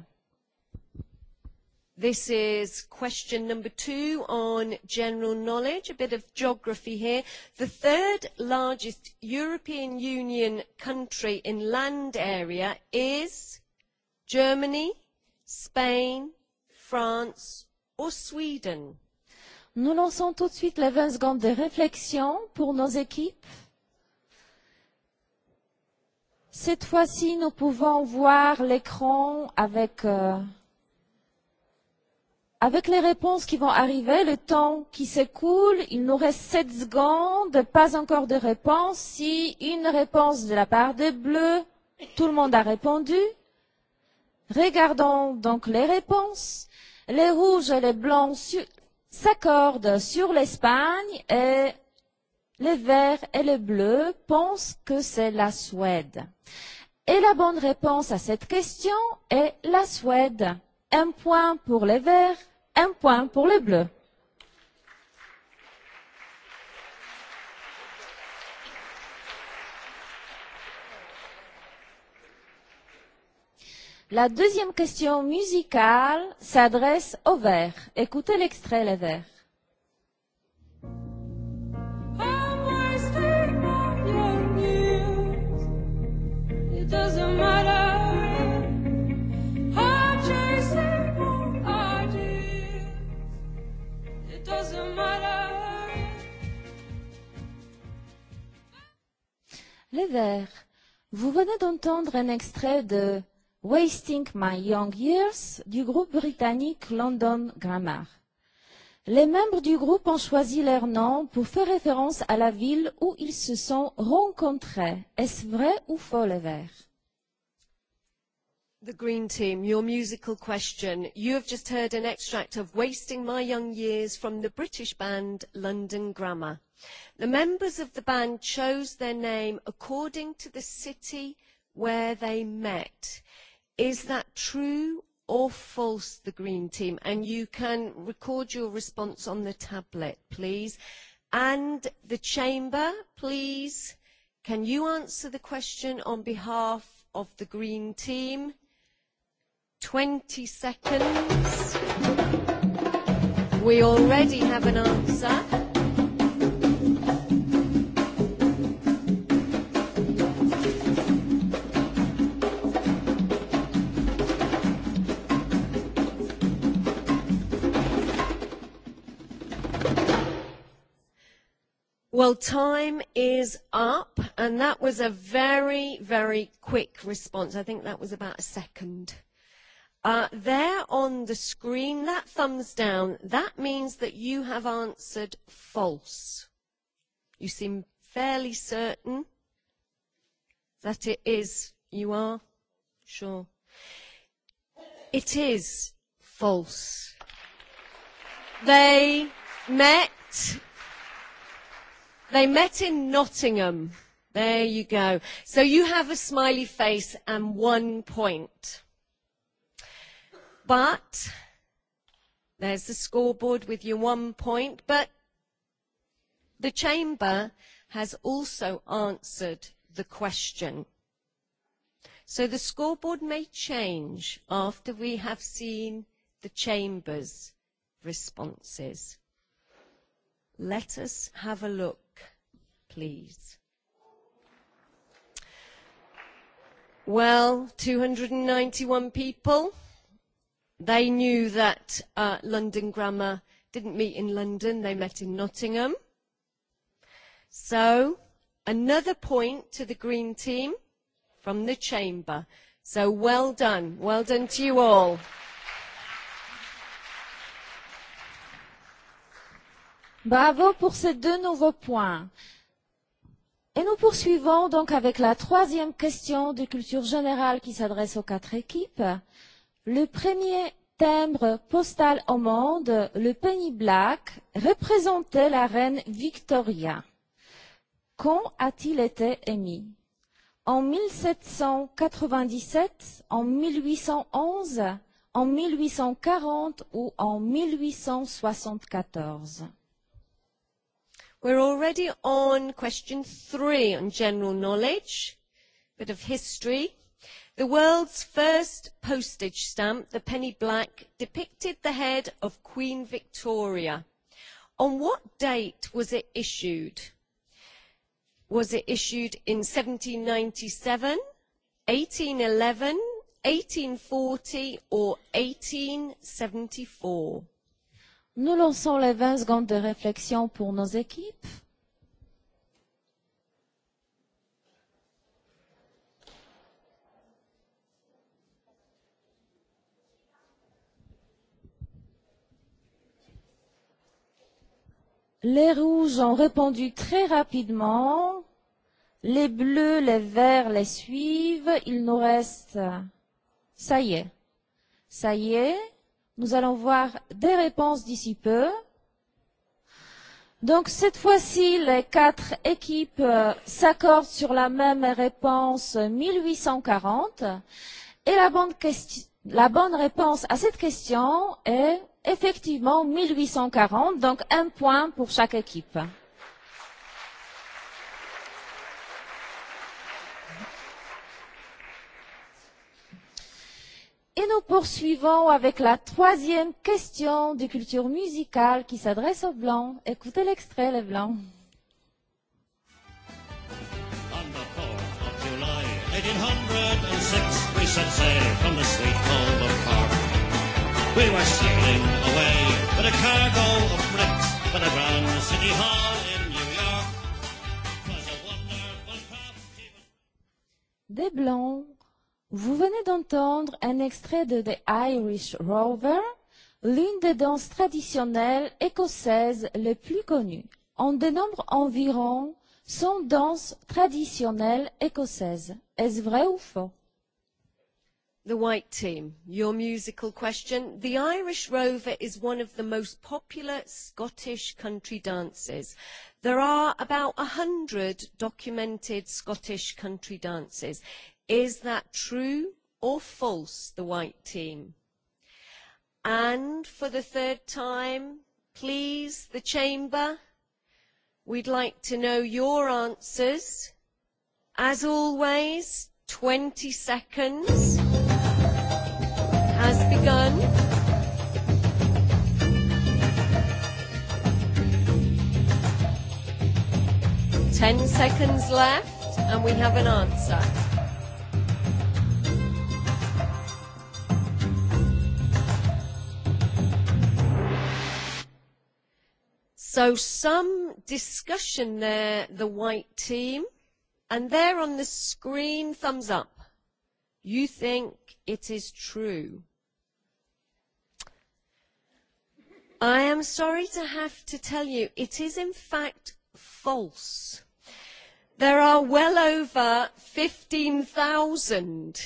This is question number two on general knowledge, a bit of geography here. The third largest European Union country in land area is Germany, Spain, France or Sweden? Nous lançons tout de suite les 20 secondes de réflexion pour nos équipes. Cette fois-ci, nous pouvons voir l'écran avec, euh, avec les réponses qui vont arriver, le temps qui s'écoule. Il nous reste 7 secondes, pas encore de réponse. Si une réponse de la part des bleus, tout le monde a répondu. Regardons donc les réponses. Les rouges et les blancs s'accordent sur l'Espagne et les verts et les bleus pensent que c'est la Suède. Et la bonne réponse à cette question est la Suède. Un point pour les verts, un point pour les bleus. La deuxième question musicale s'adresse aux Verts. Écoutez l'extrait, les Verts. It doesn't matter. Les Verts, vous venez d'entendre un extrait de Wasting My Young Years du groupe britannique London Grammar. Les membres du groupe ont choisi leur nom pour faire référence à la ville où ils se sont rencontrés. Est-ce vrai ou faux, les verts The Green Team, your musical question. You have just heard an extract of Wasting My Young Years from the British band London Grammar. The members of the band chose their name according to the city where they met. Is that true or false, the Green Team? And you can record your response on the tablet, please. And the Chamber, please, can you answer the question on behalf of the Green Team? 20 seconds. We already have an answer. Well, time is up, and that was a very, very quick response. I think that was about a second. Uh, there on the screen, that thumbs down, that means that you have answered false. You seem fairly certain that it is. You are? Sure. It is false. They met They met in Nottingham. There you go. So you have a smiley face and one point. But there's the scoreboard with your one point, but the chamber has also answered the question. So the scoreboard may change after we have seen the chamber's responses. Let us have a look please. Well, 291 people. They knew that uh, London Grammar didn't meet in London, they met in Nottingham. So, another point to the Green Team from the Chamber. So, well done. Well done to you all. Bravo pour ces deux nouveaux points. Et nous poursuivons donc avec la troisième question de culture générale qui s'adresse aux quatre équipes. Le premier timbre postal au monde, le penny black, représentait la reine Victoria. Quand a-t-il été émis En 1797, en 1811, en 1840 ou en 1874 We're already on question three on general knowledge, bit of history. The world's first postage stamp, the penny black, depicted the head of Queen Victoria. On what date was it issued? Was it issued in 1797, 1811, 1840 or 1874? Nous lançons les 20 secondes de réflexion pour nos équipes. Les rouges ont répondu très rapidement. Les bleus, les verts les suivent. Il nous reste... Ça y est. Ça y est. Nous allons voir des réponses d'ici peu. Donc cette fois-ci, les quatre équipes euh, s'accordent sur la même réponse 1840 et la bonne, la bonne réponse à cette question est effectivement 1840, donc un point pour chaque équipe. Et nous poursuivons avec la troisième question de culture musicale qui s'adresse aux Blancs. Écoutez l'extrait, les Blancs. we set sail from the sweet home of Cork. We were sailing away with a cargo of bricks for the Grand City Hall in New York. Was a wonderful craft. Des blancs Vous venez d'entendre un extrait de The Irish Rover, l'une des danses traditionnelles écossaises les plus connues. On dénombre environ 100 danses traditionnelles écossaises. Est-ce vrai ou faux? The White Team, your musical question. The Irish Rover is one of the most popular Scottish country dances. There are about 100 documented Scottish country dances. Is that true or false, the white team? And for the third time, please, the chamber, we'd like to know your answers. As always, 20 seconds has begun. Ten seconds left, and we have an answer. So some discussion there, the white team. And there on the screen, thumbs up. You think it is true. I am sorry to have to tell you, it is in fact false. There are well over 15,000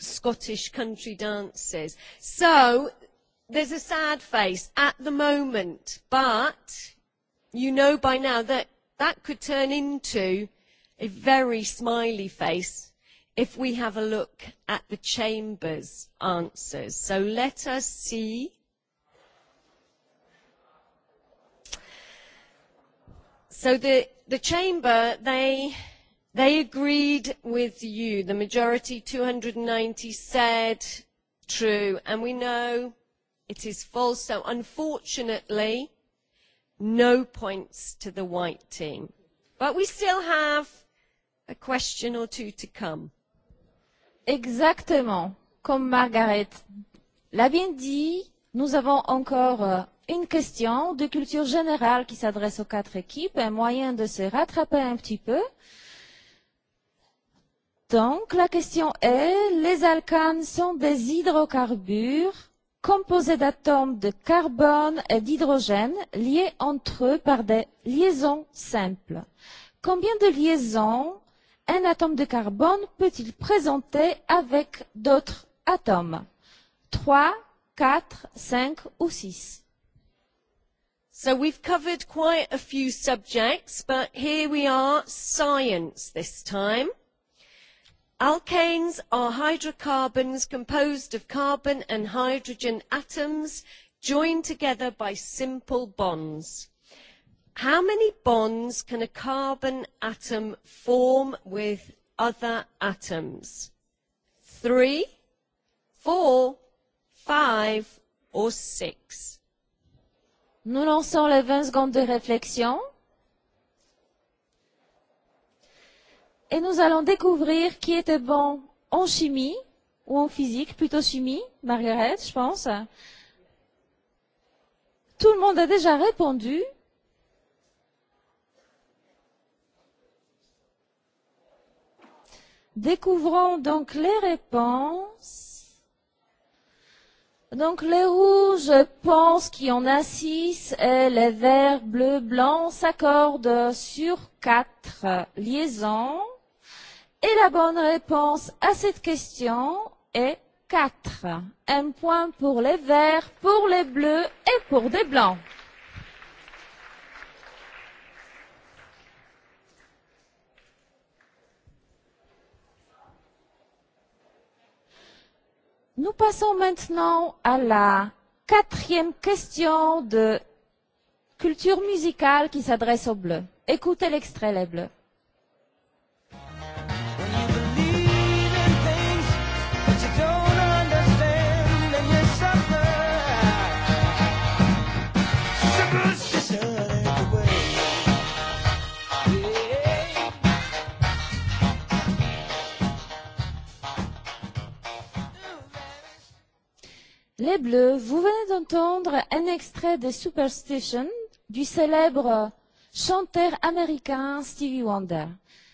Scottish country dances. So there's a sad face at the moment, but you know by now that that could turn into a very smiley face if we have a look at the Chamber's answers. So let us see. So the, the Chamber, they They agreed with you. The majority, 290, said true. And we know it is false. So unfortunately, no points to the white team. But we still have a question or two to come. Exactement. Comme Margaret l'a bien dit, nous avons encore euh, une question de culture générale qui s'adresse aux quatre équipes, un moyen de se rattraper un petit peu. Euh, Donc, la question est, les alcanes sont des hydrocarbures composés d'atomes de carbone et d'hydrogène liés entre eux par des liaisons simples. Combien de liaisons un atome de carbone peut-il présenter avec d'autres atomes 3, 4, 5 ou 6 So we've covered quite a few subjects, but here we are, science this time. Alkanes are hydrocarbons composed of carbon and hydrogen atoms joined together by simple bonds. How many bonds can a carbon atom form with other atoms? Three, four, five, or six? Nous lançons les 20 secondes de réflexion. et nous allons découvrir qui était bon en chimie ou en physique, plutôt chimie, Margaret, je pense. Tout le monde a déjà répondu. Découvrons donc les réponses. Donc les rouges pensent qu'il y en a six et les verts, bleus, blancs s'accordent sur quatre liaisons. Et la bonne réponse à cette question est 4. Un point pour les verts, pour les bleus et pour les blancs. Nous passons maintenant à la quatrième question de culture musicale qui s'adresse aux bleus. Écoutez l'extrait, les bleus. Bleue, vous venez d'entendre un extrait de Superstition du célèbre chanteur américain Stevie Wonder.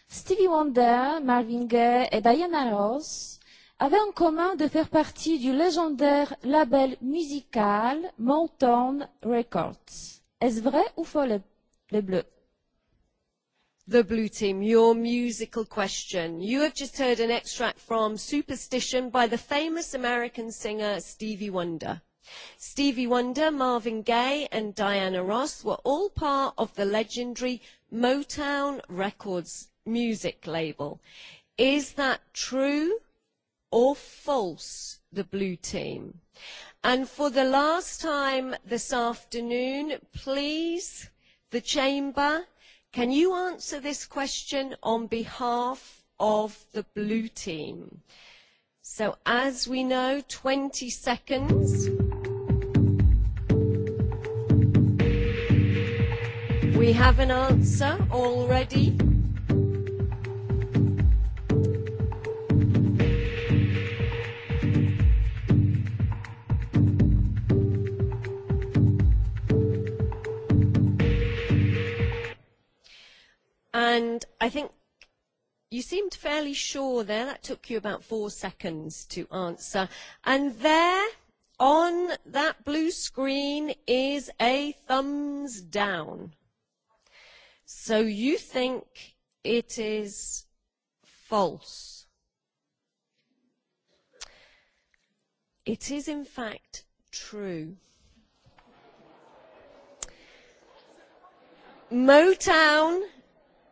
Stevie Wonder, Marvin Gaye et Diana Ross avaient en commun de faire partie du légendaire label musical Mountain Records. Est-ce vrai ou faux les, les Bleus the blue team, your musical question. You have just heard an extract from Superstition by the famous American singer Stevie Wonder. Stevie Wonder, Marvin Gaye, and Diana Ross were all part of the legendary Motown Records music label. Is that true or false, the blue team? And for the last time this afternoon, please, the chamber, Can you answer this question on behalf of the blue team? So as we know, 20 seconds. We have an answer already. And I think you seemed fairly sure there. That took you about four seconds to answer. And there on that blue screen is a thumbs down. So you think it is false. It is in fact true. Motown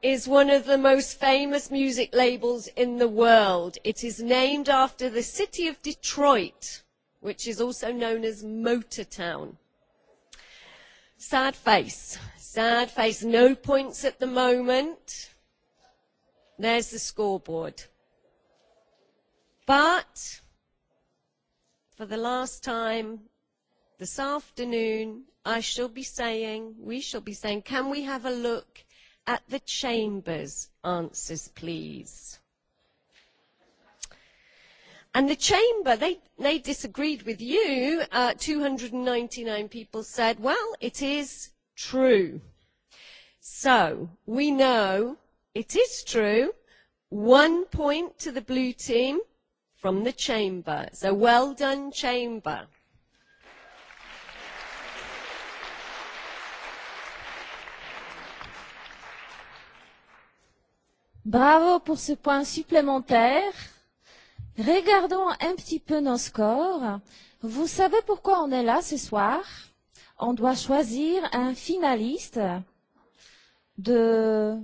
is one of the most famous music labels in the world. It is named after the city of Detroit, which is also known as Motortown. Sad face. Sad face. No points at the moment. There's the scoreboard. But for the last time this afternoon, I shall be saying, we shall be saying, can we have a look at the Chamber's answers, please? And the Chamber, they, they disagreed with you. Uh, 299 people said, well, it is true. So we know it is true. One point to the blue team from the Chamber. So well done, Chamber. Bravo pour ce point supplémentaire. Regardons un petit peu nos scores. Vous savez pourquoi on est là ce soir On doit choisir un finaliste de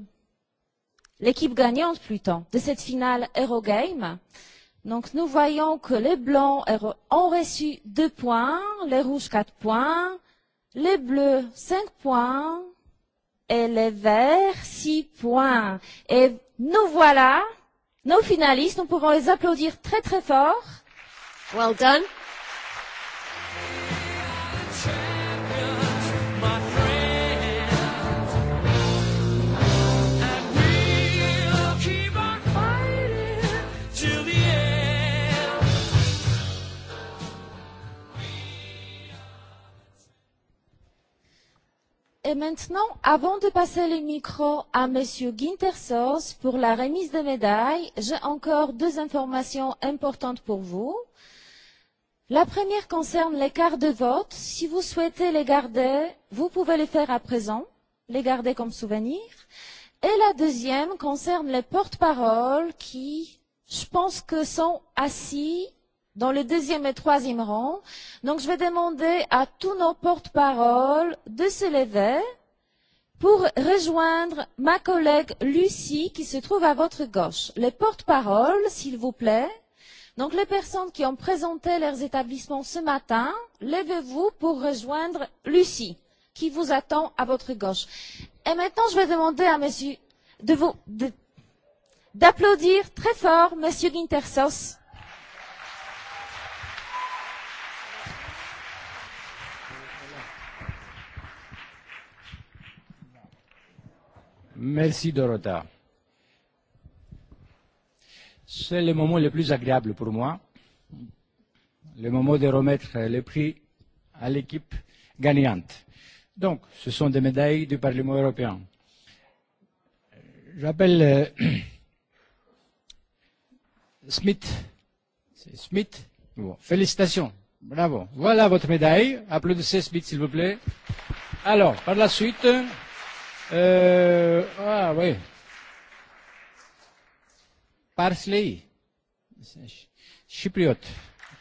l'équipe gagnante plutôt de cette finale Eurogame. Donc nous voyons que les blancs ont reçu 2 points, les rouges 4 points, les bleus 5 points et les verts 6 points. Et Nous voilà, nos finalistes, nous pouvons les applaudir très très fort. Well done. Et maintenant, avant de passer le micro à Monsieur Gintersos pour la remise des médailles, j'ai encore deux informations importantes pour vous. La première concerne les cartes de vote. Si vous souhaitez les garder, vous pouvez les faire à présent, les garder comme souvenir. Et la deuxième concerne les porte-paroles qui, je pense que sont assis dans le deuxième et troisième rang. Donc, je vais demander à tous nos porte-paroles de se lever pour rejoindre ma collègue Lucie qui se trouve à votre gauche. Les porte-paroles, s'il vous plaît. Donc, les personnes qui ont présenté leurs établissements ce matin, levez-vous pour rejoindre Lucie qui vous attend à votre gauche. Et maintenant, je vais demander à monsieur de vous, de, d'applaudir très fort monsieur Guintersos Merci Dorota. C'est le moment le plus agréable pour moi, le moment de remettre le prix à l'équipe gagnante. Donc, ce sont des médailles du Parlement européen. J'appelle euh, Smith. Smith. Bon. Félicitations. Bravo. Voilà votre médaille. Applaudissez Smith, s'il vous plaît. Alors, par la suite. Euh, Euh, ah oui. Parsley. Chypriote.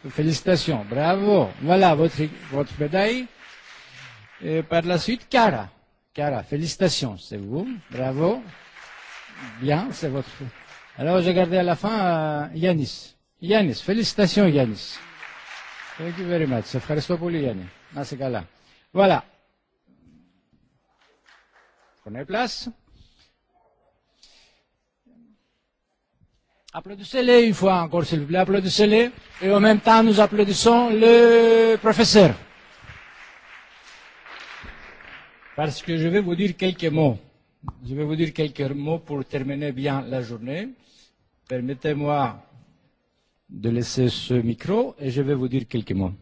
Félicitations. Bravo. Voilà votre, votre médaille. Et par la suite, Cara. Cara, félicitations. C'est vous. Bravo. Bien, c'est votre. Alors, j'ai gardé à la fin euh, Yanis. Yanis, félicitations Yanis. Thank you very much. Ευχαριστώ πολύ Γιάννη. Να είσαι καλά. Voilà prenez place. Applaudissez-les une fois encore, s'il vous plaît. Applaudissez-les. Et en même temps, nous applaudissons le professeur. Parce que je vais vous dire quelques mots. Je vais vous dire quelques mots pour terminer bien la journée. Permettez-moi de laisser ce micro et je vais vous dire quelques mots.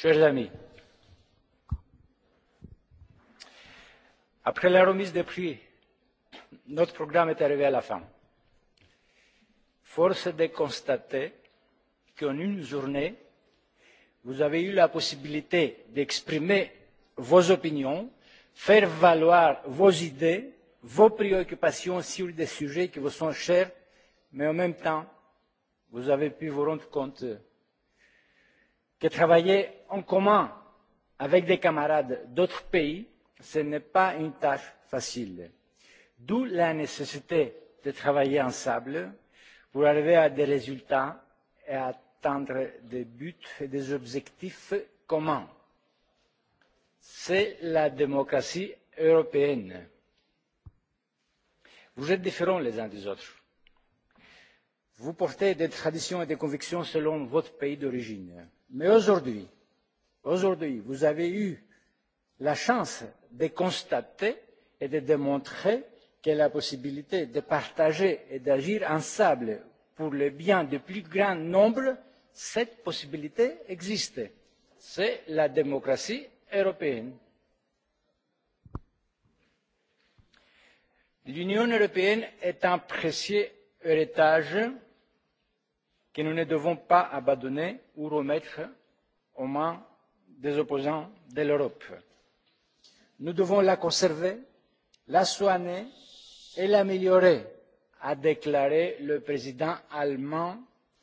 chers amis, après la remise des prix, notre programme est arrivé à la fin. Force est de constater qu'en une journée, vous avez eu la possibilité d'exprimer vos opinions, faire valoir vos idées, vos préoccupations sur des sujets qui vous sont chers, mais en même temps, vous avez pu vous rendre compte que travailler en commun avec des camarades d'autres pays, ce n'est pas une tâche facile. D'où la nécessité de travailler ensemble pour arriver à des résultats et à atteindre des buts et des objectifs communs. C'est la démocratie européenne. Vous êtes différents les uns des autres. Vous portez des traditions et des convictions selon votre pays d'origine Mais aujourd'hui, aujourd'hui, vous avez eu la chance de constater et de démontrer que la possibilité de partager et d'agir ensemble pour le bien du plus grand nombre, cette possibilité existe. C'est la démocratie européenne. L'Union européenne est un précieux héritage que nous ne devons pas abandonner ou remettre aux mains des opposants de l'europe. nous devons la conserver la soigner et l'améliorer a déclaré le président allemand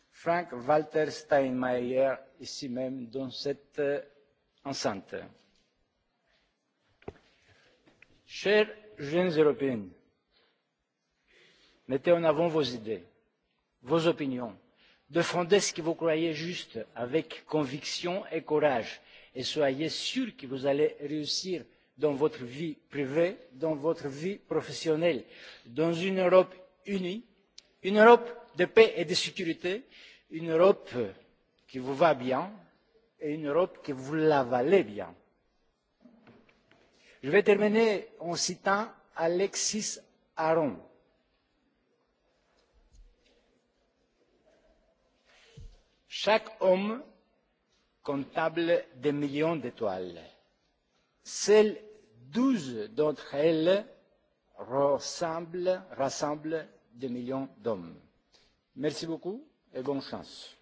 frank walter steinmeier ici même dans cette enceinte. chers jeunes européens mettez en avant vos idées vos opinions défendez ce que vous croyez juste avec conviction et courage et soyez sûr que vous allez réussir dans votre vie privée dans votre vie professionnelle dans une europe unie une europe de paix et de sécurité une europe qui vous va bien et une europe que vous l'avalez bien. je vais terminer en citant alexis aron chaque homme comptable des millions d'étoiles. Seules douze d'entre elles rassemblent, rassemblent des millions d'hommes. Merci beaucoup et bonne chance.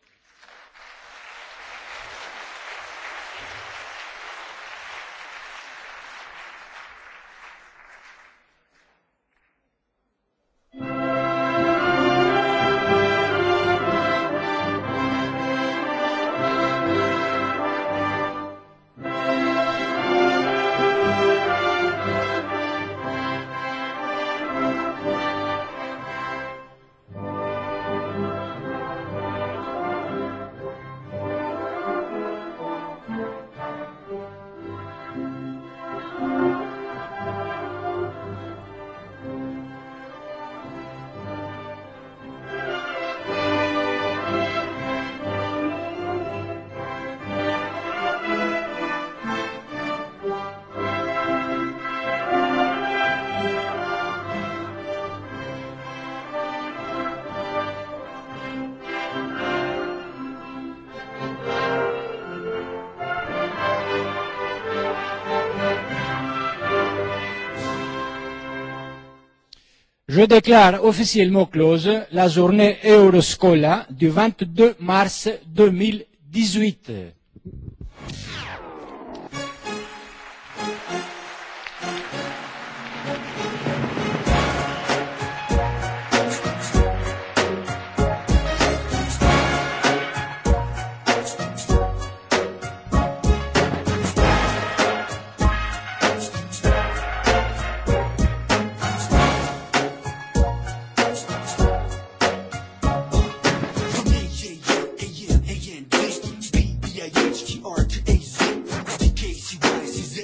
Je déclare officiellement close la journée Euroscola du 22 mars 2018.